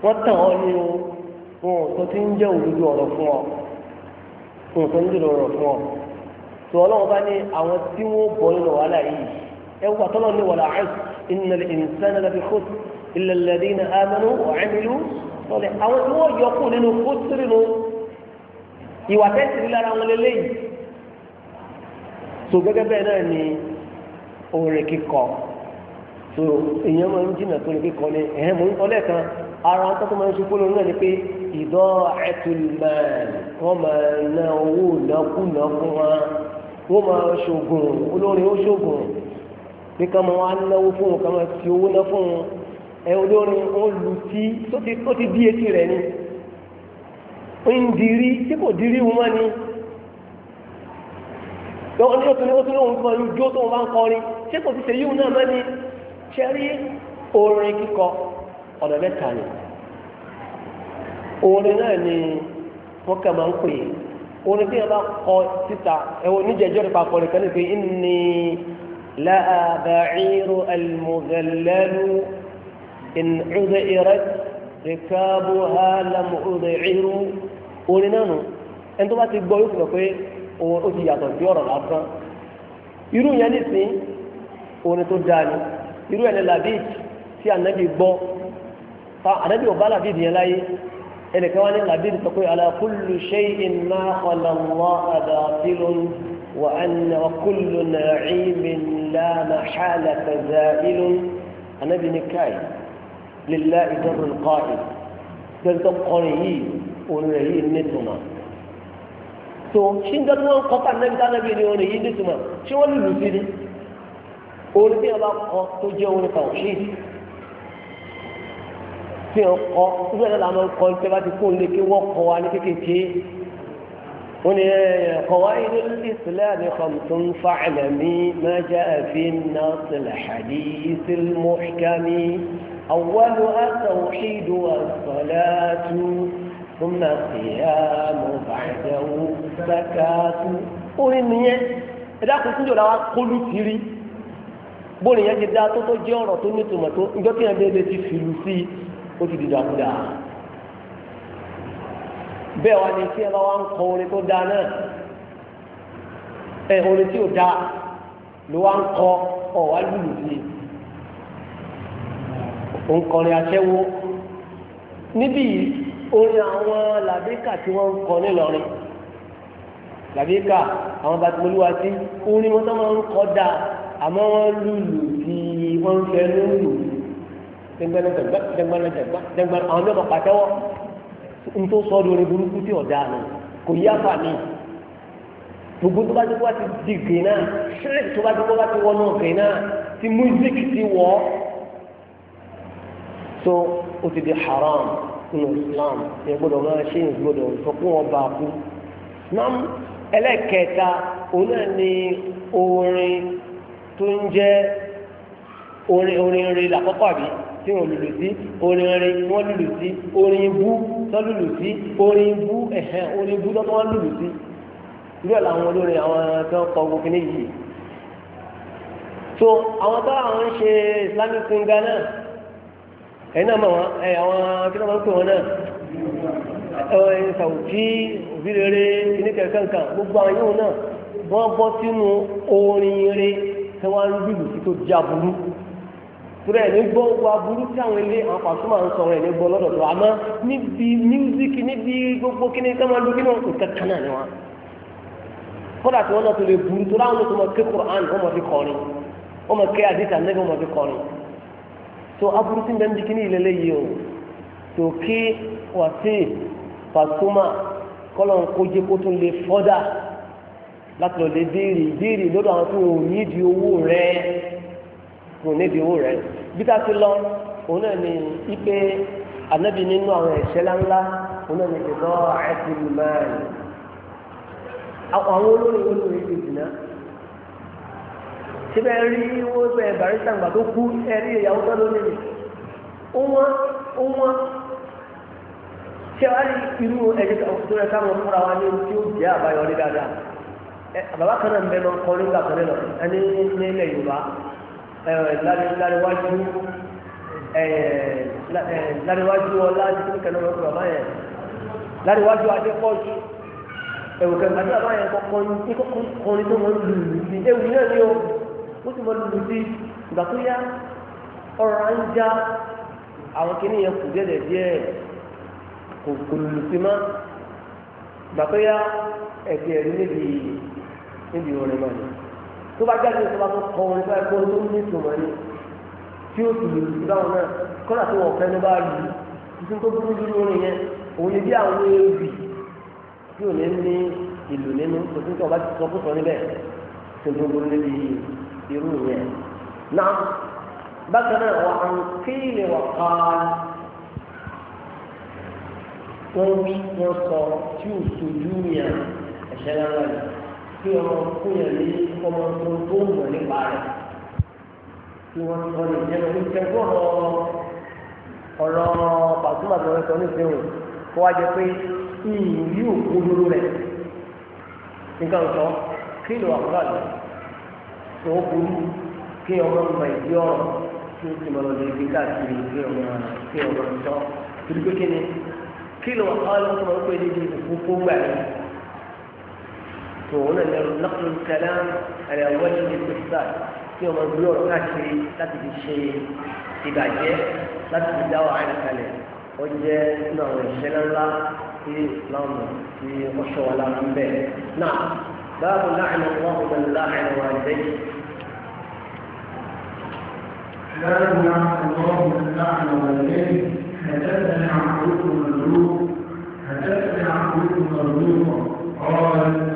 wọ́n tàn ọ́ ní o fún ọ̀tún tí ń jẹ́ òdodo ọ̀rọ̀ fún ọ fún ọ̀tún ń jẹ́ ọ̀rọ̀ fún ọ tó ọlọ́run bá ní àwọn tí wọ́n bọ̀ nínú wàhálà yìí ẹ wà tọ́lọ́ ní wàhálà àìs innal insana lafi khusr illa alladhina amanu wa amilu sọlẹ̀ àwọn tí wọ́n yọ kù nínú kóṣìrì nù ìwà tẹ́sí lára wọn lélẹ́yìí tó gẹ́gẹ́ bẹ́ẹ̀ náà ni orin kíkọ tó èèyàn máa ń jìnnà tó ní kíkọ ni ẹ̀hẹ́n mò ń kọ́ lẹ́ẹ̀kan ara ń tọ́tọ́ máa ń ṣe kó lóun náà ni pé ìdọ́ ẹtùlmán wọ́n máa ná owó ìnákúnà fún wa wọ́n máa ṣoògùn olórin ó ṣoògùn pé ká máa wá náwó fún un ká máa fi owó ná fún un ẹ olórin ó lu tí tó ti bí etí rẹ̀ ni ń dirí tí kò dirí wọn mọ́ ni lọ́wọ́ ní òtún ní òtún lóhun kan ìjó tó wọn bá ń kọrin ṣé kò ti ṣe yíwù náà mọ́ ni ṣe orin kíkọ ọ̀nà mẹ́ta ni orin náà ni wọ́n kà máa ń pè é orin tí wọ́n bá kọ síta ẹ̀wọ̀n níjẹ̀jọ́ nípa akọrin kan ní pé inni láàbàcírò àlùmọ̀gàlẹ́nu ìnùdẹ̀ ìrẹ́ rìkàbù hàlámùdẹ̀ ìrù orin náà nù ẹni tó bá ti gbọ́ yóò fi mọ̀ pé òun ó ti yàtọ̀ sí ọ̀rọ̀ lásán irú yẹn nísìnyí orin tó dáa ni irú ẹ̀ ní làbíj tí ànábì gbọ́ fa ànábì ọba làbíbi yẹn láyé ẹnìkan wá ní làbíbi sọ pé ala kullu shay'in ma khala Allahu batilun wa anna wa kullu na'imin la mahalata za'ilun ànábì ní káyì lillahi darul qa'im gbẹ̀ntọ́ kọrin yìí orin rẹ̀ yìí nítumọ̀ tó ṣí ń dọ́dún wọn kọ́ fàánẹ́bí tánẹ́bí ni orin yìí nítumọ̀ ṣé wọ́n lùlù sí ni orin bí wọn bá kọ tó jẹ́ orin kan ṣí tí ń kọ́ ìgbà náà làwọn kọ́ ní tẹ́lá ti kó lé kí wọ́n kọ́ wa ní kékeré wọ́n ní qawaid al-islam khamsun fa'lami ma ja'a fi an-nas al-hadith al-muhkam awwaluha at-tawhid was-salatu ثم القيام بعده الزكاة orin nìyẹn ẹ̀dá kò síjọ́ làwọn kọlu kiri bóyá ìyẹn ti dá tó tó jẹ́ ọ̀rọ̀ tó nítumọ̀ tó ìjọ́ ó ti di dàkúdà bẹ́ẹ̀ wá ní tí ẹ bá wá ń kọ orin tó dáa náà ẹ orin tí ò dáa ló wá ń kọ ọ wá lùlù sí i òun kọrin aṣẹ́wó níbí orin àwọn làbíkà tí wọ́n ń kọ nílọrin làbíkà àwọn batimolúwa sí orin wọn tó máa ń kọ dáa àmọ́ wọ́n lùlù sí i wọ́n ń fẹ́ lùlù sí i dẹgbẹlẹgbẹgbẹ dẹgbẹlẹgbẹgbẹ dẹgbẹ àwọn mẹ́fà pàtẹ́wọ́ ntó sọ́ọ́dún orin burúkú tí ọ̀dà nù kò yá fà mí gbogbo tó bá ti wá ti di gè náà ṣẹlẹ̀ tó bá ti wá ti wọnú gè ti music ti wọ̀ ọ́ so ó ti di haram nínú Islam ẹ gbọ́dọ̀ máa ṣe é gbọ́dọ̀ sọ fún wọn bá a kú nam ẹlẹ́kẹta òun náà ni orin tó ń jẹ́ orin orin rẹ̀ làkọ́kọ́ àbí tí wọ́n lùlù sí orin rin wọ́n lùlù sí orin bú tó lùlù sí orin bú ẹ̀hẹ́n orin bú tó wọ́n lùlù sí irú ẹ̀ làwọn olórin àwọn tó kọ gbogbo kìíní yìí so àwọn tó àwọn ń ṣe islamic singer náà ẹ̀yin náà mọ̀ wọ́n ẹ̀ àwọn kí ló máa ń pè wọ́n náà ẹ̀ sàwùjí òbí rere kìíní kẹ̀kẹ́ǹkan gbogbo àwọn yóò náà wọ́n bọ́ sínú orin rere tí wọ́n ń bìlù sí tó jáburú. torí ẹni gbọ́ gbogbo aburú tí àwọn ilé àwọn pàṣọmọ ń sọ̀rọ̀ ẹni gbọ́ lọ́dọ̀ tó àmọ́ níbi gbogbo kíní sọmọ lókè náà kò kankan náà ni wọn. kódà tí wọn náà tó lè burú tó láwọn tó ké wọn fi kọrin wọn ké kò níbi owó rẹ̀ bí ká ti lọ òun náà ni ipe anabi nínú àwọn ẹ̀ṣẹ̀ ńláńlá òun náà ni ìdọ́ àìsílù mẹ́rin àwọn olórin olórin ti dìnnà síbẹ̀ rí owó bẹ́ẹ̀ barista ńgbà tó kú ẹ̀rí ìyàwó tó lónìí ni ó wọ́n ó wọ́n ṣé wàá rí irú ẹ̀jẹ̀ tó rẹ̀ káwọn fúnra wa ní tí ó jẹ́ àbáyọrí dáadáa bàbá kan náà ń bẹ lọ kọrin gbàgbọ́n lọ ẹni ní ilẹ̀ Yorùbá láríwájú láríwájú ọlá títí kan náà lọ́kùnrin àbáyẹn láríwájú adépọ́jú ẹ̀wù kẹfà tí àbáyẹn kọ́kọ́ ní kọ́kọ́rin tó mọ̀ ń lù lù sí ewu náà ni ó ó sì mọ̀ lù lù sí ìgbà tó yá ọ̀rọ̀ à ń já àwọn kìnìún yẹn kù díẹ̀ díẹ̀ kò kò lù lù sí mọ́ ìgbà tó yá ẹ̀bí ẹ̀rí níbi níbi orin náà ni tó bá jáde tó bá tó kọ orin fún ẹ̀kọ́ tó ní ìtumọ̀ ni tí ó sì lòdì sí báwọn náà kọ́nà tó wọ̀ fẹ́ ló bá lù ú tuntun tó burú dúró orin yẹn òun ni bí àwọn ewì tí ò ní ní ìlú nínú kò sí tó bá ti sọ fúnfọ níbẹ̀ tó tó burú níbi irú yẹn. náà bákan náà wà á ń kéèlè wà ká wọ́n wí wọ́n sọ tí ò sojú yẹn ẹ̀ṣẹ̀ lára yẹn kí ọmọ fúnyàn ní ọmọ tó tó mọ̀ nípa rẹ̀ kí wọ́n sọ ní ìjẹ́nu ní kẹ́kọ̀ọ́ ọ̀rọ̀ pàtúmọ̀ tó ń sọ ní ìfihàn kó wá jẹ pé ìyìn yóò rẹ̀ nǹkan sọ kí ló wà fúlà lọ tó o burú kí ọmọ mọ ìdí ọ̀rọ̀ kí o sì mọ lọ́dọ̀ ibi káàkiri kí ọmọ kí ọmọ sọ kí ló wà fúlà lọ tó o pè ní ìdí òfófó gbà yẹn. وهنا نقل الكلام على وجه الاستفسار في مزلور اكري لا تجي شيء في بعدين لا تجي دواء على كلام وجه نعم شلا لا في لام في مشوا ولا من نعم باب لعن الله من لعن والديه لعن الله من لعن والديه حدثني عن قلوب مظلوم حدثني عن قال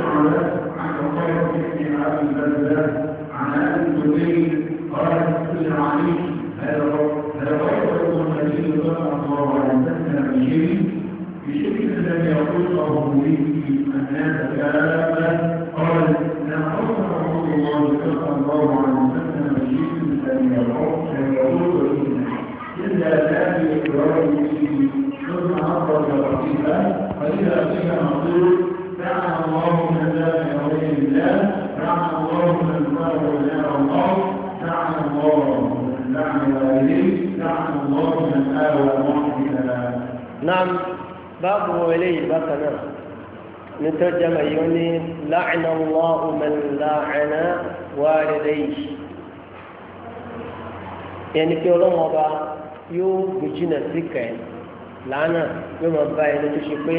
أخبرني شعبة عن عقيل بن عبد البلة عن أبي الزبير قال سئل علي هل رأيت النبي صلى الله عليه وسلم بشيء بشيء لم يخلقه به الناس كافة قال لم أخبر رسول الله صلى الله عليه وسلم بشيء لم يخلقه إلا ذات إقراره شرعا وترتيبا فإذا بك مقول لعن الله من ذاك غير الله لعن الله من فرق إلى الله لعن الله لعن والديه لعن الله من نعم باب بقنا نترجم يوني لعن الله من لعن والديه يعني كي الله يو بجنا سكين làánà yóò máa bá ẹni tó ṣe pé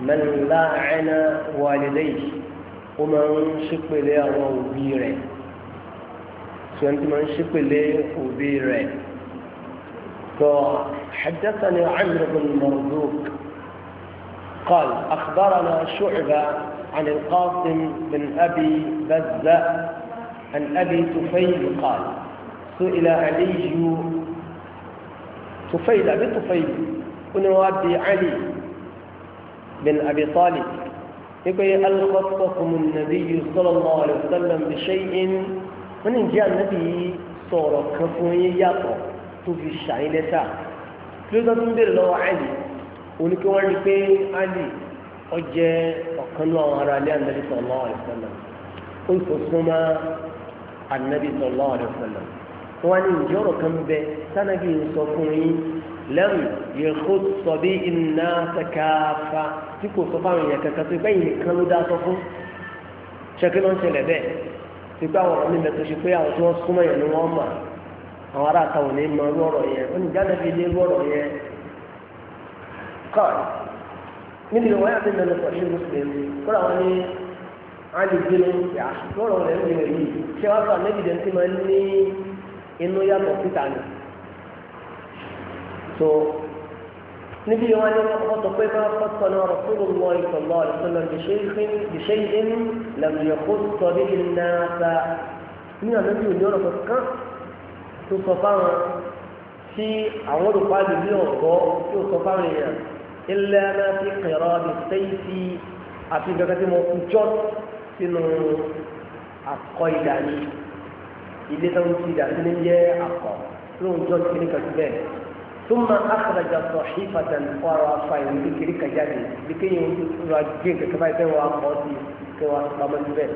man la'ana walidayhi ó máa ń ṣépèlé àwọn òbí rẹ̀ tí wọ́n ti máa ń ṣépèlé òbí rẹ̀ tó haddathani Amr bin Marduk قال أخبرنا شعبة عن القاسم بن أبي بزة عن أبي تفيل قال سئل علي تفيل أبي تفيل ni wọ́n bi ali bin abi talib nípa yẹ alukọ́sọ́ fún nàbí yìí sallallahu alaihi wasallam bi shay'in wọ́n ní jẹ́ ànábì yìí sọ̀rọ̀ kan fún yín yàtọ̀ tó fi ṣàyín lẹ́tà kí ló tó ń bèrè lọ́wọ́ ali òní kí wọ́n rí pé ali ó jẹ́ ọ̀kan ní àwọn ará ilé ànábì sallallahu alaihi ó sọ súnmọ́ ànábì sallallahu alaihi wasallam wọ́n ní ìjọ́rọ̀ kan bẹ lẹ́rù yẹ kó sọ bí iná sẹ́kàáfà tí kò sọ fáwọn èèyàn kankan tó gbẹ̀yìn nìkan ló dá sọ fún ṣẹ́kí ló ń ṣẹlẹ̀ bẹ́ẹ̀ tí pé àwọn ọ̀rọ̀ mẹ́tọ́ ṣe pé àwọn tí wọ́n súnmọ́ yẹn ni wọ́n mọ̀ àwọn ará àtàwọn ní mọ irú ọ̀rọ̀ yẹn ó ní jáde fi lé irú ọ̀rọ̀ yẹn kọ́ níbi ìwọ̀n yà ti mẹ́lẹ̀ pọ̀ sí mùsùlùmí kúrò àwọn ní so níbi wọn ni wọn sọ pé máa fọ́tọ̀ náà rọ̀kúrò wọ ìtọ̀lọ́ ìtọ̀lọ́ ìṣe ìdí lẹ́mìí kó sọ bí iná ta ní ọ̀nà bí òní ọ̀rọ̀ kankan tó sọ fáwọn tí àwọn olùkọ́ àdùbí ọ̀gọ́ tí ó sọ fáwọn èèyàn ilẹ̀ náà ti kẹ̀rọ bí sẹ́yìtì àti gẹ́gẹ́ tí mo fi jọ́ sínú akọ ìdání ilé tó ń ti ìdásílẹ̀ jẹ́ akọ lóun jọ́ sí ní kàtúbẹ̀ẹ́. ثم أخرج صحيفة ورافعه بكري كجاري لكي يراجعك كما يقول وقوتي كواسطة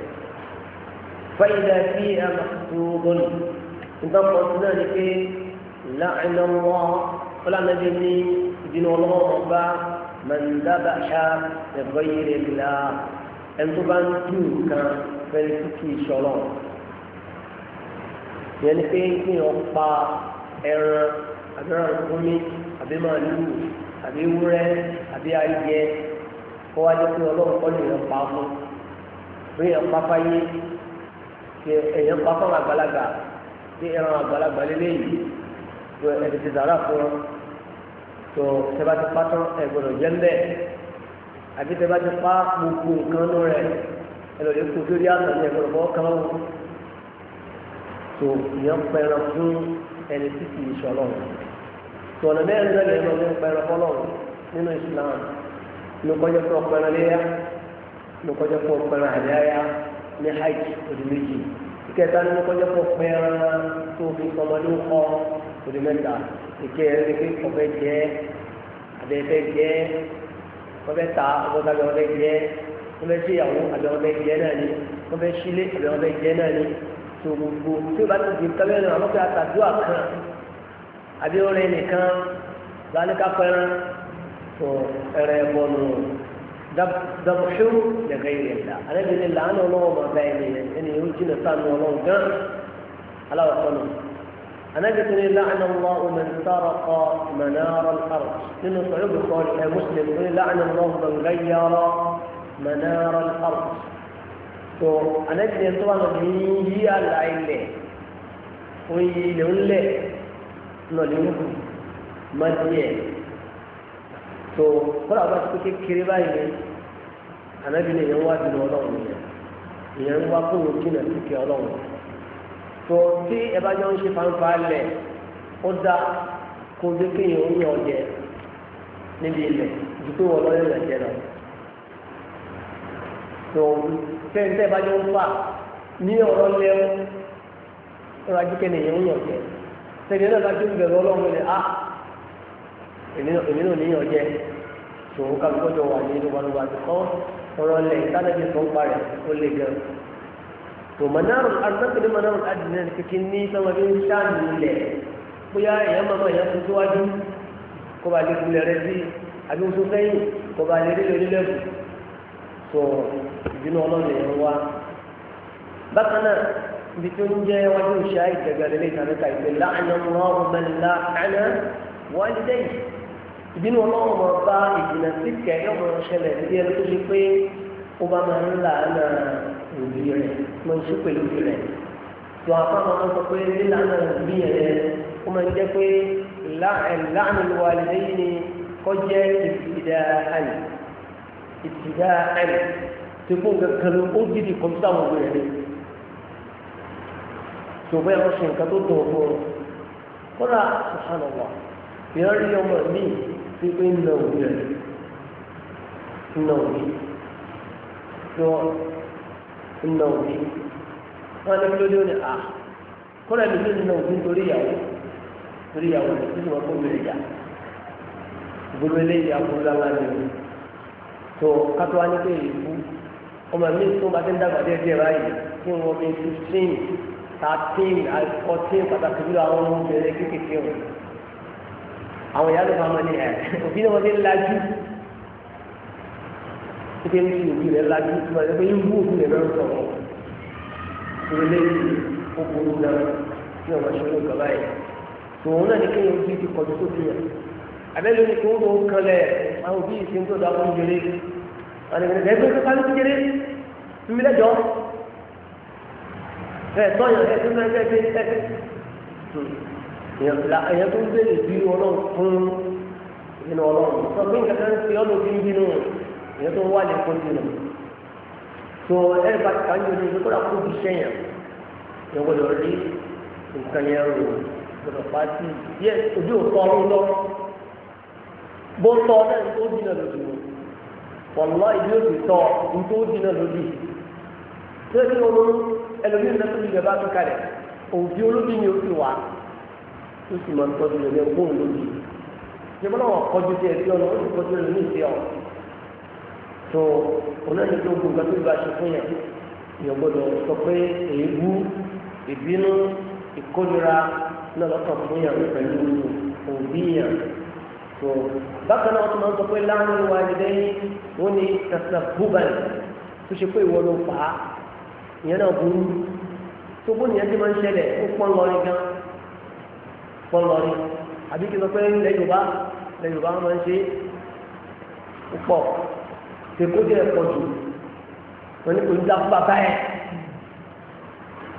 فإذا فيها مكتوب إذا قلنا لكي لعن الله فلا نجني دين الله ربا من ذبح غير الله أن أنتم بانتوك فلتكي شلون يعني كي يقطع ẹran àbí ọ̀rọ̀ kúnmí àbí màálùú àbí ewúrẹ́ àbí ayé kó wá jẹ́ pé ọlọ́run kọ́ lèèyàn pa fún lèèyàn pa fáyé èèyàn pa fáwọn àgbàlagbà bí ẹran àgbàlagbà lélẹ́yìí tó ẹ̀dẹ̀ ti dàrá fún ọ tó tẹ́bá ti pa tán ẹ̀gbọ́dọ̀ jẹ́ ń bẹ́ẹ̀ àbí tẹ́bá ti pa gbogbo nǹkan nù rẹ̀ ẹlòdì kò tó rí àtọ̀ ní ẹ̀gbọ́dọ̀ bọ́ kàn án tó ìyẹn pẹ̀rọ fún ẹni tí kì í ṣọlọ́run tọ̀nà mẹ́rin náà lè lọ ní pẹ̀rọ nínú Islam ló kọjá fún ọpẹrẹ léyà ló kọjá fún ọpẹrẹ àdáyà ní hajj òdì méjì ìkẹta ló kọjá fún ọpẹrẹ tó fi ọmọdé kọ òdì mẹ́ta ìkẹrin ní pé ọbẹ jẹ abẹ́fẹ́ jẹ ọbẹ ta ọbọtàbẹ ọbẹ jẹ ọbẹ ṣèyàwó àbẹ ọbẹ jẹ náà ni ọbẹ ṣílé àbẹ ọbẹ jẹ náà ni tó gbogbo tí o bá ti di kálẹ̀ lọ àwọn kí a tàdúrà kan àbí orin nìkan bá ní ká pẹ́rán tó ẹrẹ bọ́ọ̀lù dàbùṣù lẹ́gẹ́ yìí la àlejò ní làánù ọlọ́wọ́ máa bá ẹni yẹn ẹni yóò jìnnà sànù ọlọ́wọ́ gan aláwọ̀ sọ́nù àlejò tó ní làánù ọlọ́wọ́ man saraqa manara al-ard nínú sọ̀rọ̀ bìkọ́ ẹ̀ mùsùlùmí làánù ọlọ́wọ́ tó anẹ́tìlẹ̀ tó wà lọ́dún yí àlà ilẹ̀ oyin ilẹ̀ ńlẹ̀ lọ́dún yìí kù má díẹ̀ tó kọ́lá bá ti kó kékeré báyìí anẹ́tìlẹ̀ yẹn wá dùn ọlọ́run yẹn ìyẹn wá kó wọn kí náà kíkẹ́ ọlọ́run tó tí ẹ bá jọ ń ṣe fanfa lẹ̀ ó dá kó dé kéèyàn ó yàn ọ níbi ilẹ̀ ju pé lọ́yẹ̀ lẹ̀ jẹ náà sọ òun tẹ́ǹtẹ́ bá jọ ń fà ní ọ̀rọ̀ lẹ́wọ́ ẹ̀rọ ajíkẹ́ nìyẹn ń yàn jẹ́ tẹ̀lé náà lájú ìbẹ̀rù ọlọ́run ni a ah, èmi náà níyàn jẹ́ tòun ká gbọ́dọ̀ wà ní inú balùwà kọ́ ọ̀rọ̀ lẹ̀ sálẹ̀dì tó ń parẹ̀ ó lè gan tò mọ̀nàrún arúgbó mọ̀nàrún adìyẹ kékeré ní sọmọdé ń sáàmì ilẹ̀ bóyá èèyàn mọ̀mọ́ èèyàn tó síwájú kó ba lè kulẹ̀ rẹ sí àbí oṣù sẹ́yìn kó ba lè rí lórí lẹ́bùn tó ìdínà ọlọ́run yẹn wá bákan náà ibi tó ń jẹ́ wájú ìṣe àìjẹgẹrẹ lè tàbí ka ìpè láàánú ọlọ́run bẹ́ẹ̀ láàánú wájú dẹ́yìn ìdínà ọlọ́run mọ̀ bá ìdínà sí kẹ́ yọ̀ mọ̀ ṣẹlẹ̀ sí ẹni tó ṣe pé ó bá máa ń làánà òbí rẹ̀ máa ń pẹ̀lú òbí rẹ̀ tó àpamọ́ wọn sọ pé lílàánà òbí yẹn ó máa ń jẹ́ pé láàánú ìwà àlẹ́ yìí kọjá ìfìdá àyè ìtìdá ẹ̀rì tí kò kankan ló ó dìdì kọ̀m̀pútà wọn gbé rẹ̀ tó bẹ́ẹ̀ lọ ṣe nǹkan tó dùn fún un kọ́lá subhanallah ìyá rí ọmọ mi tí pé ń lọ òbí rẹ̀ ń lọ òbí lọ ń lọ òbí wọn ní kí ló dé ó ah, tó kátó wá ní pé ìlú ọmọ mi tó bá ti ń dàgbà díẹ̀ díẹ̀ báyìí kí wọn bí fifteen thirteen fourteen pàtàkì jùlọ àwọn ọmọ obìnrin kékeré wọn àwọn ìyá ló fà mọ ní ẹ òbí náà wọn ti ń lajú kíkẹ́ ní ìlú rẹ̀ lajú tí wọn ti ń wú òbí rẹ̀ lọ́rùn sọ̀rọ̀ ìrẹ̀lẹ̀ yìí ó burú náà tí wọn ṣe ló gbà báyìí tòun náà ní kéèyàn bí ti kọjú tó fi hàn àbẹ́lẹ́ ní kí wọ́n tó ń kanlẹ̀ àwọn òbí ìsìn tó dá fún jẹrẹ àwọn ènìyàn ẹgbẹ́ tó kálí fún jẹrẹ fún mi lẹ́jọ́ ẹ̀ tọ́yọ̀ ẹ̀ tó náà ẹgbẹ́ ẹgbẹ́ èèyàn tó ń bèrè bí ọlọ́run fún inú ọlọ́run sọ pé nǹkan kan ti ọlọ́run fi ń bínú èèyàn tó ń wà lè fún jìnnà tó ẹ̀rọ bá ti kà ń jẹ ní ìgbésọ́dà kó fi ṣẹ́yìn ìwọ lọ rí nǹkan yẹn rò gbọdọ̀ pàtì díẹ̀ ojú òkú bó tọ́ náà ní tó dínà lòdì o wàlúwà ìdí òsì tọ́ ní tó dínà lòdì tó ti wọn ẹlòmíì náà tó dìgbà bá tó kalẹ̀ òbí olóbi ni ó ti wà tó sì máa ń tọ́jú lẹ́nu ogún lòdì jẹ́mọ́ náà wọ́n kọjú sí ẹbí ọ̀nà ó sì kọjú lẹ́nu ní ìfẹ́ ọ̀ tó onáyẹ̀ tó gbogbo tó bá fún yẹn èèyàn gbọ́dọ̀ sọ pé èébú ìbínú ìkórira náà lọ́kàn fún yẹn pẹ̀lú òbí yẹn so bákan náà wọ́n tún máa ń sọ pé láàánú ìwà ìdẹ́yìn wọ́n ní tẹ̀sán búbẹ̀lì tó ṣe pé ìwọ ló fà á ìyẹn náà burú tó bó nìyẹn ti máa ń ṣẹlẹ̀ ó pọ́n lọ́rí gan pọ́n lọ́rí àbí kí n sọ pé ilẹ̀ Yorùbá ilẹ̀ Yorùbá máa ń ṣe ó pọ̀ tèkó jẹ́ pọ̀ jù wọ́n ní kò ń dákú bàbá ẹ̀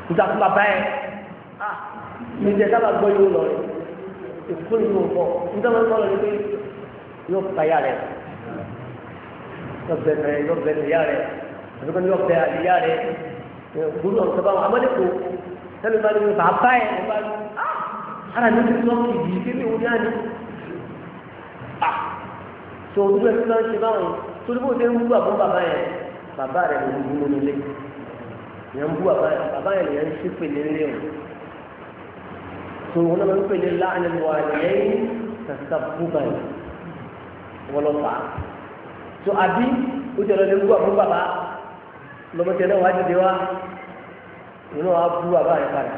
ń dákú bàbá ẹ̀ ah mi jẹ́ sábà gbọ́ yóò lọ́rí ìkúlù yóò bọ̀ nítorí wọn sọ̀rọ̀ níbi yóò pa ya rẹ̀ yóò bẹ̀ mẹ́rin yóò bẹ̀ nìyá rẹ̀ àbí kan yóò bẹ̀ àdìyá rẹ̀ gbúdọ̀ ọ̀sẹ̀ báwọn amọ́dẹ́kọ̀ sẹ́mi bá nínú bàbá ẹ̀ ló bá ní ah, ara mi ti sọ kìdì kébì òun náà ni ah, tó o dúró ẹ̀sìn máa ń ṣe báwọn torí bó ṣe ń wú àbọ̀ bàbá yẹn bàbá rẹ̀ ló ń gbúmọ́ nílé ìyẹn ń wú àbá yẹn bàbá yẹn ń ṣépè nílé o tó wọn náà ń pè ní láàánú wa lẹ́yìn sàṣàbùbà wọlọ́pà tó àbí ó jẹ́ lọ́dẹ gbọ́ fún bàbá lọ́mọdé náà wá dìde wá ìwọ wa bú bàbá rẹ padà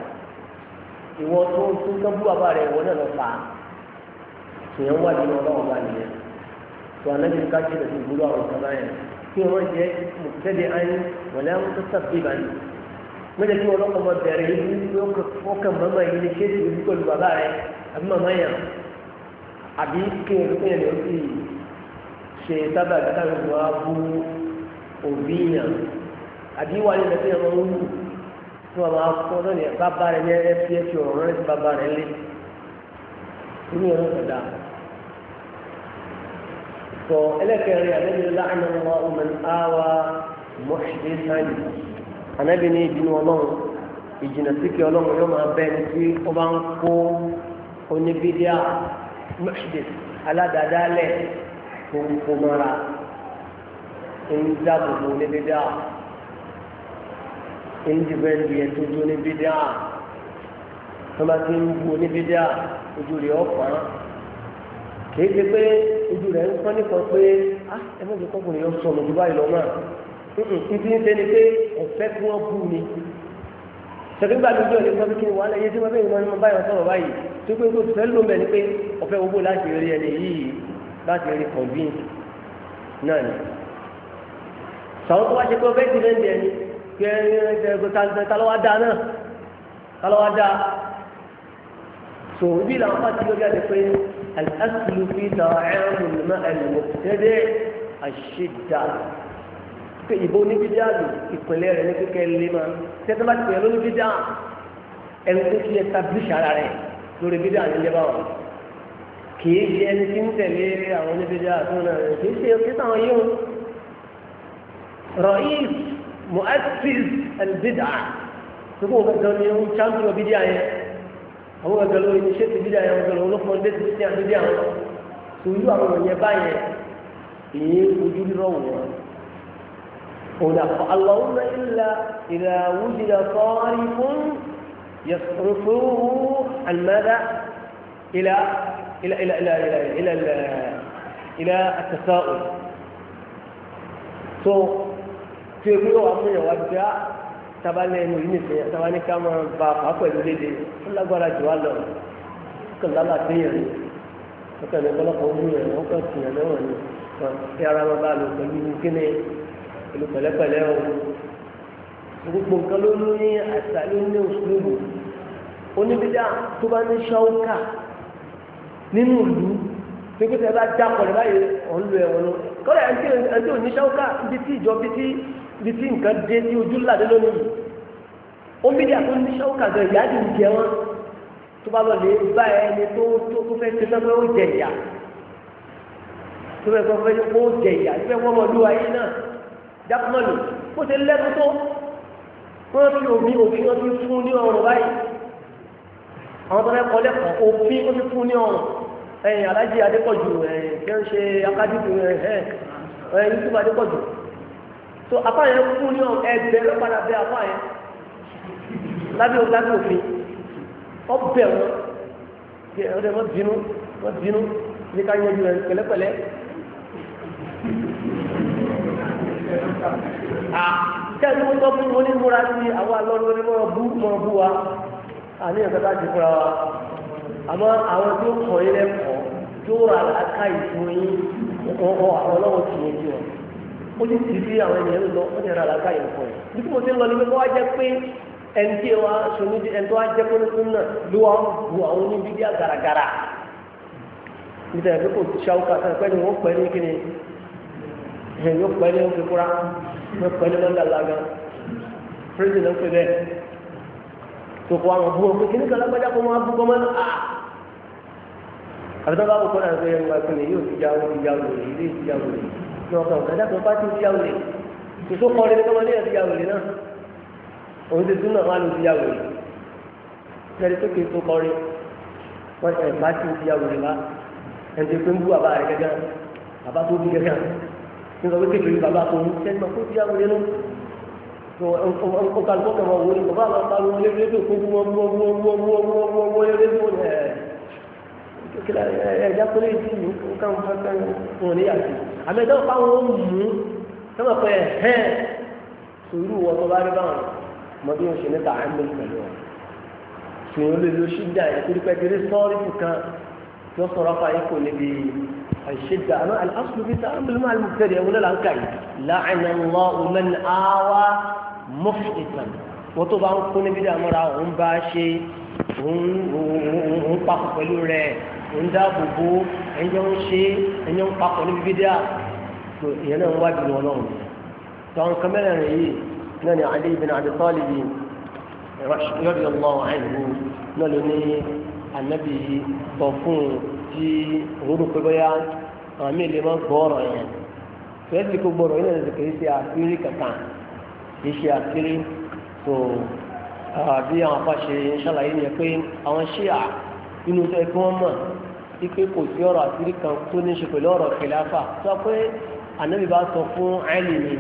ìwọ tó tó tán bú bàbá rẹ ìwọ náà lọ fà á tòyẹn wà nínú ọlọ́wọ́ bá nìyẹn tó anájú ká jẹ́ lọ́dẹ gbúrú àwọn kan náà kí wọ́n jẹ́ mùtẹ́lẹ̀ ayé wọ̀lẹ́ àwọn tó mẹ́jẹ̀ tí wọ́n lọ́kọ̀ mọ bẹ̀rẹ̀ yìí ní ọkàn mọ́mọ́ yìí ní kéde ìlú pẹ̀lú bàbá rẹ̀ àbí màmá yàn àbí kéwòn fún yẹn ló sì ṣe sábà gbàtà gbogbo wa bú òbí yàn àbí wà ní ìrẹsì yẹn máa ń wù fún àwọn akọ́dọ̀ ní bàbá rẹ̀ ní ẹ̀fí ọ̀rọ̀ rẹ̀ sí bàbá rẹ̀ lé inú yẹn ló sọ̀dà sọ ẹlẹ́kẹ̀rin àbẹ́bí lánàá ànábì ní ìbínú ọlọ́run ìjìnà síkì ọlọ́run yóò máa bẹ́ ẹni tí ó bá ń kó oníbídíà mẹ́ṣídẹ̀ aládàádálẹ̀ gbogbo mọ́ra ń dáàbòbò oníbídíà ń dìbẹ́ ń di ẹ̀tọ́jú oníbídíà tó bá ti ń bu oníbídíà ojú rẹ̀ ọ̀pọ̀n kì í ṣe pé ojú rẹ̀ ń pọ́n nípa pé ah, ẹ mọ̀ ní kọ́kùnrin yóò sọ̀rọ̀ ju báyìí lọ́mọ́ ibi ń sẹ́ni pé ọ̀fẹ́ tí wọ́n bú ni sẹ̀gbẹ́gbà lójú ọ̀lẹ́ sọ pé kí ni wàhálà yẹn tí wọ́n bẹ́ẹ̀ máa ń báyọ̀ sọ̀rọ̀ báyìí tó pé kó fẹ́ ló mẹ́ni pé ọ̀fẹ́ owó láti rí ẹni yìí láti rí convince náà ni. sàwọn tó wá ṣe pé ọ̀fẹ́ ti lẹ́nu ẹni pé ẹgbẹ́ talọ́wá dá náà talọ́wá dá. so ibi làwọn bá ti lórí àti pé alásùlù fi tàwọn ẹ̀rọ mọ̀lẹ́mọ́ ẹ̀ pé ìbò ní bídíà lò ìpínlẹ̀ rẹ̀ ní kíkẹ́ lé ma tẹ́tẹ́ bá ti pè é lórí bídíà ẹni tó ti establish ara rẹ̀ lórí bídíà ní ilé báwọn kìí ṣe ẹni tí ń tẹ̀lé àwọn ní bídíà tó ń rẹ̀ kìí ṣe kí táwọn yíò rọ̀ís mu'assis al-bid'a tó kó gbẹ̀gbẹ̀ ní ohun champion bídíà yẹn àwọn gbẹ̀gbẹ̀ lórí ní ṣéètì bídíà yẹn gbẹ̀gbẹ̀ olókùn ọdẹ ti ṣe àbídíà wọn tó yú هنا اللهم إلا إذا وجد صارف يصرفه عن ماذا إلى إلى إلى إلى إلى إلى إلى إلى التساؤل so في كل وقت يوجد تبالي مهمة تبالي كما باب أكو جديد كل قرار جواله كل الله تيار فكان يقول قومي أنا أكو تيار أنا يا رب الله لو كان يمكنني pẹ̀lú pẹ̀lẹ́pẹ̀lẹ́ o gbogbo nǹkan ló ní àṣà ló ní òṣèlú oníbídà tó bá ní ṣáúkà nínú ìlú pípẹ́ tẹ bá dákọ̀ lẹ́ báyìí ọ̀n lu ẹ̀wọ̀n lọ kọ́lá ẹni tí ò ní ṣáúkà ibi tí ìjọ ibi tí nǹkan dé sí ojú làdé lónìí oníbídà tó ní ṣáúkà gan ìyá ti ń jẹ wọn tó bá lọ lè bá ẹni tó tó fẹ́ ṣe sọ́kọ́ ó jẹ tó fẹ́ sọ́kọ́ ó jẹ ìyá wọ́n mọ̀ lúwa yín náà jákèmọ́nì bó ṣe lẹ́nu tó wọ́n fi omi òfin wọn fi fún ní ọrùn báyìí àwọn tó fẹ́ kọ́ lẹ́kọ̀ọ́ òfin wọn fi fún ní ọrùn ẹ̀yìn alájí adépọ̀jù ẹ̀yìn tí wọ́n ṣe akadìpọ̀ ẹ̀hẹ́ ẹ̀yìn yusuf adépọ̀jù tó apá yẹn fún ní ọrùn ẹgbẹ́ ló padà bẹ apá yẹn lábẹ́ òkúta òfin ọbẹ̀ wọn ọdẹ wọn bínú wọn bínú ní ká yẹn ju pẹ̀lẹ́pẹ̀lẹ́ à tẹ́lẹ̀ mo tọ́ fún onímúra sí àwọn alọ́run onímọ̀ bú mọ̀ bú wa àní ẹ̀ka bá ti fura wa àmọ́ àwọn tó kọ̀ yín lẹ́kọ̀ọ́ tó rà láká ìfún yín ọ̀hún àwọn ọlọ́wọ́ tì yín jù ó ti ti rí àwọn ènìyàn lọ ó ti rà láká ìfún yín bí tí mo ti ń lọ ní pé kó wá jẹ́ pé ẹni tí wa sọ̀rọ̀ ní ẹni tó wá jẹ́ pé náà ló wá ń bu àwọn oníbíbí àgàràgàrà nítorí pé kò ṣàwùkà sàn ni wọ́n pẹ́ ní kíni ẹ̀yọ́ wọ́n pẹ̀lú nọ́mbà lága prison ló ń pè bẹ́ẹ̀ tó kọ́ àwọn bú ọkùnrin kìíní kan lágbájá kó máa bú kọ́ máa à àbẹ̀tọ́ bá wò kọ́ náà ni yóò ti já wọlé já wọlé ilé ti já wọlé ní ọkọ̀ ọ̀gá dàpọ̀ bá ti já wọlé tòṣó ni kọ́ máa ní ẹ̀ti já wọlé náà òun ni wọ́n ti ẹ̀ bá ti já wọlé bá nígbà wípé kìí bàbá tó ní sẹ́ni máa kó sí àwọn ẹlẹ́nu ọkàn tó kẹwàá wọlé bàbá àwọn ọba wọn lé lójú òkú wọn wọn wọn wọn wọn wọn wọn wọn lé lójú wọn ẹ kíkìlá ẹja tó lè dì mí kó káwọn bá ká wọn ní yàtí àmì ẹjọ́ pa wọn mú sọ́mọ̀ pé ẹ̀hẹ́n sùúrù wọn tó bá rí báwọn mọ́tò yóò ṣe níta àmì pẹ̀lú wọn sùúrù lè lo ṣídà ẹ̀ torí pẹ́ الشدة أنا الأصل في التعامل مع المبتدئ ولا العنكري لعن الله من آوى مفقتا وطبعا كون بدا مرا هم باشي هم باقو pẹ̀lú rẹ̀ هم دا بوبو ẹnjọ́ ń ṣe ẹnjọ́ ń papọ̀ níbi bídíà tó ìyẹn náà ń wá jùlọ ọlọ́run tọ́n kẹmẹ́rẹ̀ rẹ̀ yìí náà ni Ali ibn Abi Talib radiyallahu anhu náà ló ní ànábì sọ fún un tí òun rò pé bóyá àwọn míì lè má gbọ́ ọ̀rọ̀ yẹn fẹ́ẹ́sì kò gbọ́rọ̀ yẹn lè kì í ṣe àkírí kankan kì í ṣe àkírí tó bí àwọn afáṣe ṣàlàyé yẹn pé àwọn ṣíà inú tó yẹ kí wọ́n mọ̀ ipe kò sí ọ̀rọ̀ àkírí kan tó ní ṣe pẹ̀lú ọ̀rọ̀ kìláfà sọ pé ànábì bá sọ fún àìlì ni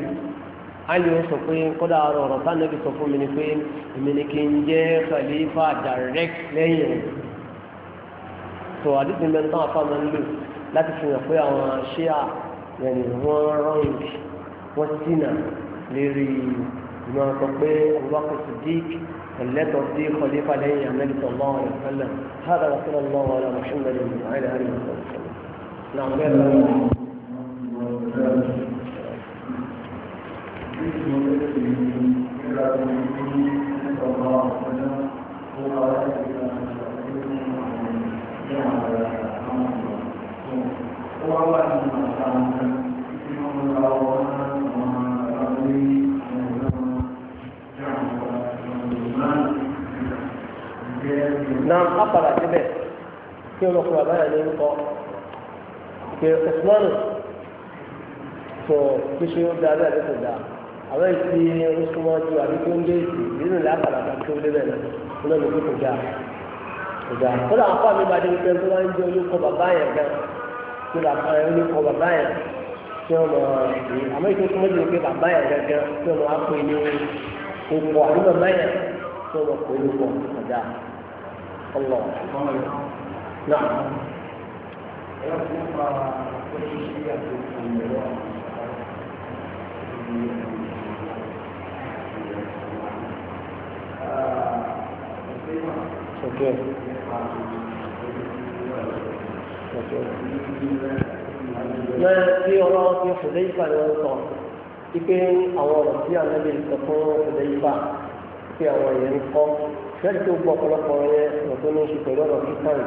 àìlì ó sọ pé kódà ọ̀rọ̀ bá ànábì sọ fún mi ni pé èmi ni kí n jẹ́ khalifa direct lẹ́yìn rẹ̀ tó àdìsí mẹ́ta àfàmọ́ ń lò láti fi hàn pé àwọn ṣíà yẹnì wọ́n rọ́ìn wọ́n sínà lérí ìmọ̀ ko pé Abubakar Siddiq ẹ̀lẹ́tọ̀ sí kọ̀lẹ́fà lẹ́yìn amẹ́lẹ́tọ̀ lọ́wọ́ ìfẹ́lẹ̀ hádà wàsílẹ̀ lọ́wọ́ ọ̀la Muhammad ibrahim ali muhammad náà bẹ́ẹ̀ lọ́wọ́. Thank you. نعم أقل أعتبار كيف نقول أبانا لنقى كيف عثمان كيف يقول دابا لكم دابا àwọn ìfi oṣù wọn ju àbí tó ń dé ìsì nínú ilé àpàlàkà tó lé bẹ́ẹ̀ náà ló ló kó kò dáa kò dáa kó làwọn fáwọn mi máa dé tó wá ń jẹ olóko bàbá yẹn gan cái đám này nó pé bàbá yẹn ló kọ bàbá yẹn cái wọn mọ cái ìṣe tó mọ́jú pé bàbá yẹn gẹ́gẹ́ tí wọn á pè cái òkò àbí bàbá yẹn tí wọn kò ní pọ̀ ọ̀dà ọlọ. Náà. Okay. À, náà tí ọlọ́run fi ṣẹlẹ̀ ìfà ni wọ́n sọ wípé àwọn ọ̀rọ̀ tí ànábì sọ fún ṣẹlẹ̀ ìfà tí àwọn èèyàn ń kọ́ fẹ́ẹ̀rì tó gbọ́ ọ̀pọ̀lọpọ̀ yẹn ọ̀rọ̀ tó ní ṣe pẹ̀lú ọ̀rọ̀ kíkàn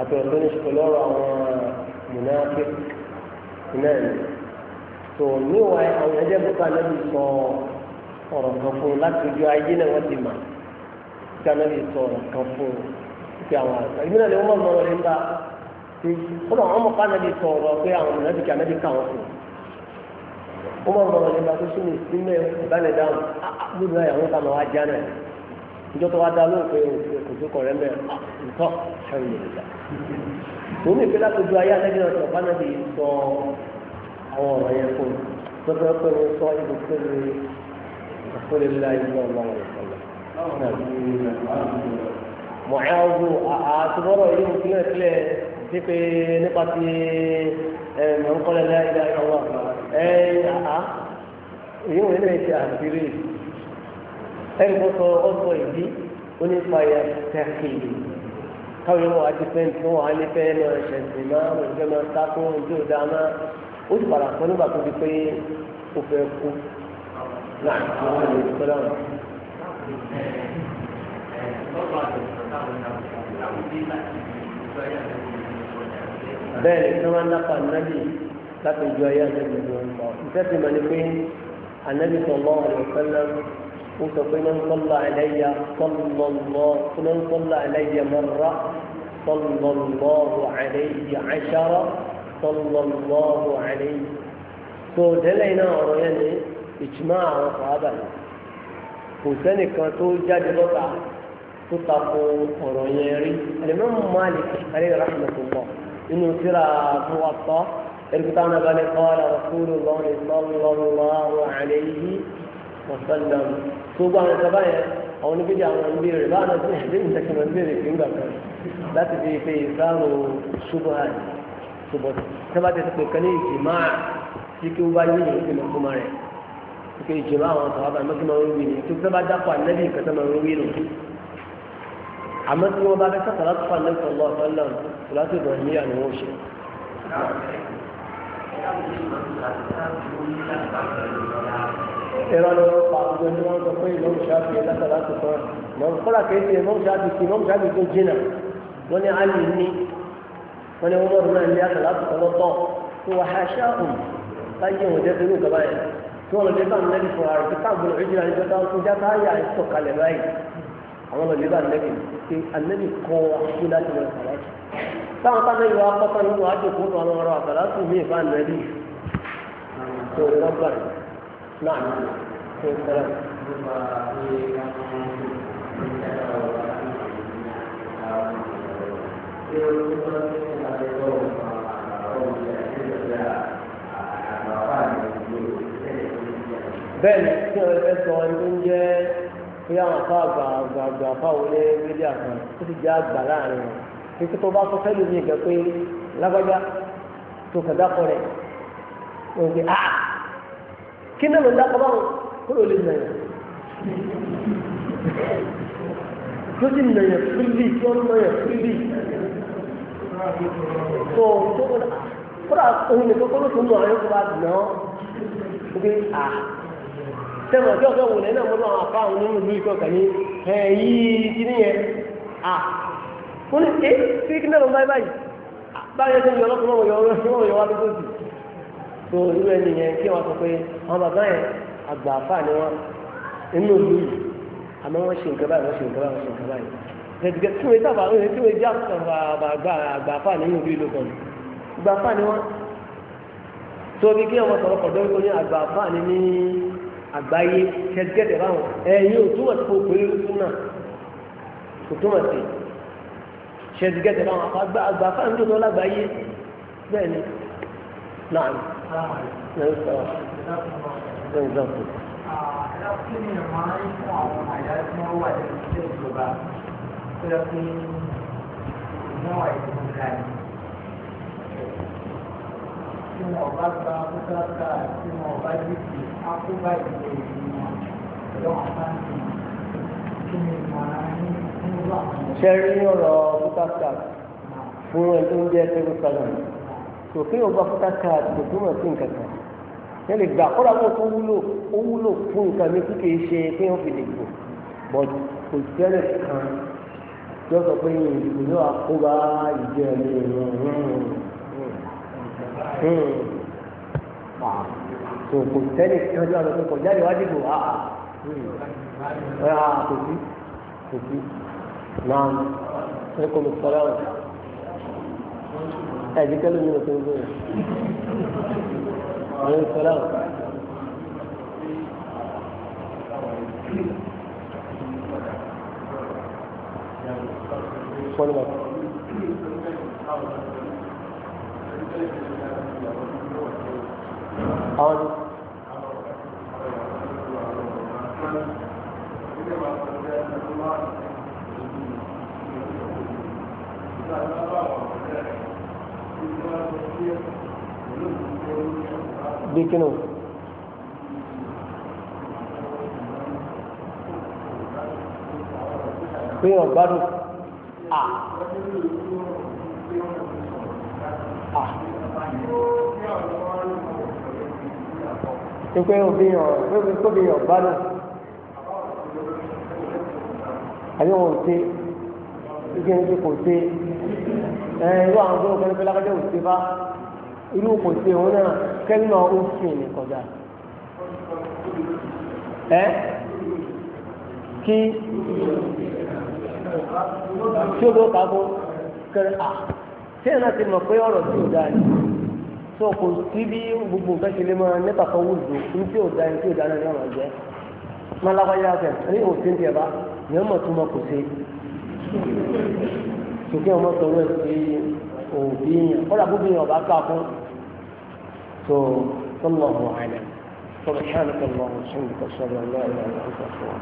àti ọ̀rọ̀ tó ní ṣe pẹ̀lú ọ̀rọ̀ àwọn mùnáfík náà ni tó níwà àwọn ẹ̀jẹ̀ bùkà ànábì sọ ọ̀rọ̀ kan fún un láti ojú ayé náà wọ́n ti mà kí ànábì sọ ọ̀rọ̀ kan fún kí àwọn àgbà pé ó lọ àwọn ọmọ ká nàbí sọ ọ̀rọ̀ pé àwọn mọ̀lẹ́bí kà nàbí káwọn fún ó mọ̀ ọ̀rọ̀ nípa tó sínú ìsínlẹ̀ ìbálẹ̀ dáhùn gbogbo àyàwó ká máa wá já náà ìjọ tó wá dá lóhùn pé kò tó kọ̀rẹ́ mẹ́ ǹtọ́ alhamdulillah òun ní ìpínlẹ̀ àtòjú ayé àtẹ́jú náà sọ̀rọ̀ fánàbí sọ àwọn ọ̀rọ̀ yẹn fún un tó fẹ́ pé sọ ibùsùn ìfúnilá ìlú ọ̀la ọ̀la mọ̀ọ́wọ́ àtúbọ̀rọ̀ yìí mo fi náà sílẹ̀ ní pé nípa ti ẹ̀rọ ńkọ́lẹ̀ láyé láyé ọwọ́ ẹ̀ àá èyí wọ́n lè ṣe àṣírí ẹ̀rù kó sọ ọ̀sọ̀ ìdí ó ní fàyà tẹ̀kìlì káwọn yóò wá ti fẹ́ tí wọ́n wá ní fẹ́ lọ ẹ̀ṣẹ̀ sí máa wọ́n fẹ́ máa sákó ojú ọ̀dà máa di pé Thank you bẹ́ẹ̀ ni tí wọ́n nápa nábì láti ju ayé ànábì ló ń bọ̀ ìtẹ́sí mọ̀ ni pé ànábì sallallahu alaihi wasallam ó sọ pé man salla alayya sallallahu man salla alayya marra sallallahu alayhi ashara sallallahu alayhi. tó délé iná ọ̀rọ̀ yẹn ni ìjùmọ̀ àwọn sàábà ni kò sẹ́nìkan tó jáde lọ́ta tó takò ọ̀rọ̀ yẹn rí ẹ̀lẹ́mọ̀ mọ́ nínú síra fún wa tọ́ ẹ̀rùkútà náà balẹ̀ kọ́ra rasúlù lọ́wọ́ ìsọ́lọ́wọ́ àlẹ́yìí wọ́sọ́lọ́m tó gbọ́ àwọn ìjọba yẹn àwọn oníbíjà àwọn ń béèrè báwọn náà tún ìdí ìtẹ́kùn ń béèrè kí n gbà kan láti fi pe ìsáàrò ṣubúhàn ṣubọ̀ sábà tẹ̀sí pé kan ìjìmá tí kí wọ́n bá yé ìyẹn ìpinnu kúmọ rẹ̀ kí ìjìmá àwọn sọ̀rọ̀ bá mọ́kí máa ń wí ni tó sábà dápọ̀ àmọ́ tí wọ́n bá fẹ́ sàkàlà tó fàlẹ́ tó lọ sọ́lọ́ láti bọ̀ ní àwọn oṣù. ẹ̀rọ ni wọ́n pa ọgbẹ́ ní wọ́n sọ pé ìmọ̀ ìṣáàfì látàlá tó tọ́ mọ̀ kọ́lá kéèké ìmọ̀ ìṣáàfì kì ìmọ̀ ìṣáàfì tó jìnà wọ́n ní àlè ní wọ́n ní wọ́n rún àwọn ọ̀nà ìlú ànẹ́bì pé ànẹ́bì kọ́ akú láti lọ sàlátù táwọn táwọn ìwà akọ́ta ní wọn àjòkó tó àwọn ọ̀rọ̀ àsàlátù ní ìfà ànẹ́bì tó ń lọ́gbà náà ní tó ń sẹ́lẹ̀. bẹ́ẹ̀ni tí ẹ sọ ẹni ń jẹ́ bóyá àwọn afá àgbà àgbà àgbà afá wọlé rédíò àkàn ó sì jẹ́ àgbà láàrin wọn títí tó bá sọ fẹ́lú mi gẹ̀ pé lágbájá tó kàn dákọ̀ rẹ̀ ó gbé a ah, kí náà ló ń dákọ̀ báwọn kó ló lè nàyà tó sì nàyà fúlì tí wọ́n nàyà fúlì tó tó kódà òun nìkan kó ló tún nù ayọ́kọ̀ bá dùn náà ó gbé a. Ah, tẹ́wọ̀n tí ọ̀sẹ̀ wòlẹ̀ náà mo lọ àfa àwọn onírú ìlú ìkọ̀ kàní ẹ̀ yìí ti níyẹn à mo ní ẹ kí kí náà lọ báyìí báyìí báyìí ẹni yọ lọ́kùnrin wọn yọ wọn yọ wá lóko sí tó irú ẹni yẹn kí wọn sọ pé àwọn bàbá yẹn àgbà àfa ni wọn inú ìlú yìí àmọ́ wọ́n ṣe nǹkan báyìí wọ́n ṣe nǹkan báyìí wọ́n ṣe báyìí gẹ̀dùgẹ̀ tí wọ́n dábàá wọ́n tí wọ́n já àgbà àfa nínú ìlú ìlú kan àgbà àfa ni wọ́n àgbáyé kẹgẹ́dẹ̀ báwọn ẹ̀yin ò túmọ̀ sí kókò irú fún náà kò túmọ̀ sí kẹgẹ́dẹ̀ báwọn àgbà fáwọn tó lọ́la àgbáyé bẹ́ẹ̀ ni náà ní ẹ̀rọ sọ̀rọ̀ ẹ̀rọ sọ̀rọ̀. Kí ni ìmọ̀ ní fún àwọn àyà tí wọ́n wà ní ilé ìjọba tó yẹ kí ìnáwó àìsàn ká ní? Tí wọ́n bá gba kókó ká tí wọ́n bá dìbò Aku baik ìlú sẹ́rí ọ̀rọ̀ fúkàkàt fún ẹni tó ń jẹ́ tẹ́lú sálà kò kí ọba fúkàkàt kò túmọ̀ sí nǹkan kan yẹn lè gbà kọ́ra mọ́ tó wúlò ó wúlò fún nǹkan mi tí kìí ṣe pé wọ́n fi lè gbò but kò tẹ́lẹ̀ kan tí wọ́n sọ pé ìlú àkóbá ìjẹ́ ẹ̀mí ìrọ̀rùn. Hmm. Hmm. Ah tó kò tẹ́lẹ̀ kí wọ́n ti wà lọ́kọ̀ jáde wá dìbò àà ah, ah. hmm. ah, kò sí kò sí náà ẹ kò lè sọ́ra rẹ̀ ẹ̀jẹ̀ kẹ́lẹ́ mi ò tó ń bẹ̀rẹ̀ àwọn ìsọ́ra rẹ̀. Follow up àwọn ni. bí kí ni o. pé ọ̀gbádùn à à pípé obìyàn pípé tóbiyàn gbádùn àbí wọn ò ṣe ike ní ti kò ṣe ẹ irú àwọn tó ń kẹ́lẹ́ pé lákàtà ò ṣe bá irú kò ṣe òun náà kẹ́lí náà ó ṣe ní kọjá ẹ kí tí o ló kà á kẹrẹ à tí ẹ náà ti mọ̀ pé ọ̀rọ̀ tí o dáa ni tó kò sí bí gbogbo nǹkan ṣe lè máa nípa kan wù lò ní tí ò da ní tí ò da náà ní ọ̀nà jẹ́ máa lágbáyé afẹ́ ní òfin tiẹ̀ bá ní ọmọ tó mọ kò sí sókè ọmọ sọ̀rọ̀ ẹ̀ sí òbí yẹn kọ́dà bóbi yẹn ọba ká fún tó tọ́lọ̀ ọ̀hún àìlẹ̀ tọ́lọ̀ ṣáà ní tọ́lọ̀ ọ̀hún ṣùgbọ́n ṣọ́ọ̀rọ̀ ọ̀lá ìlànà ìfọ̀ṣọ́wọ́.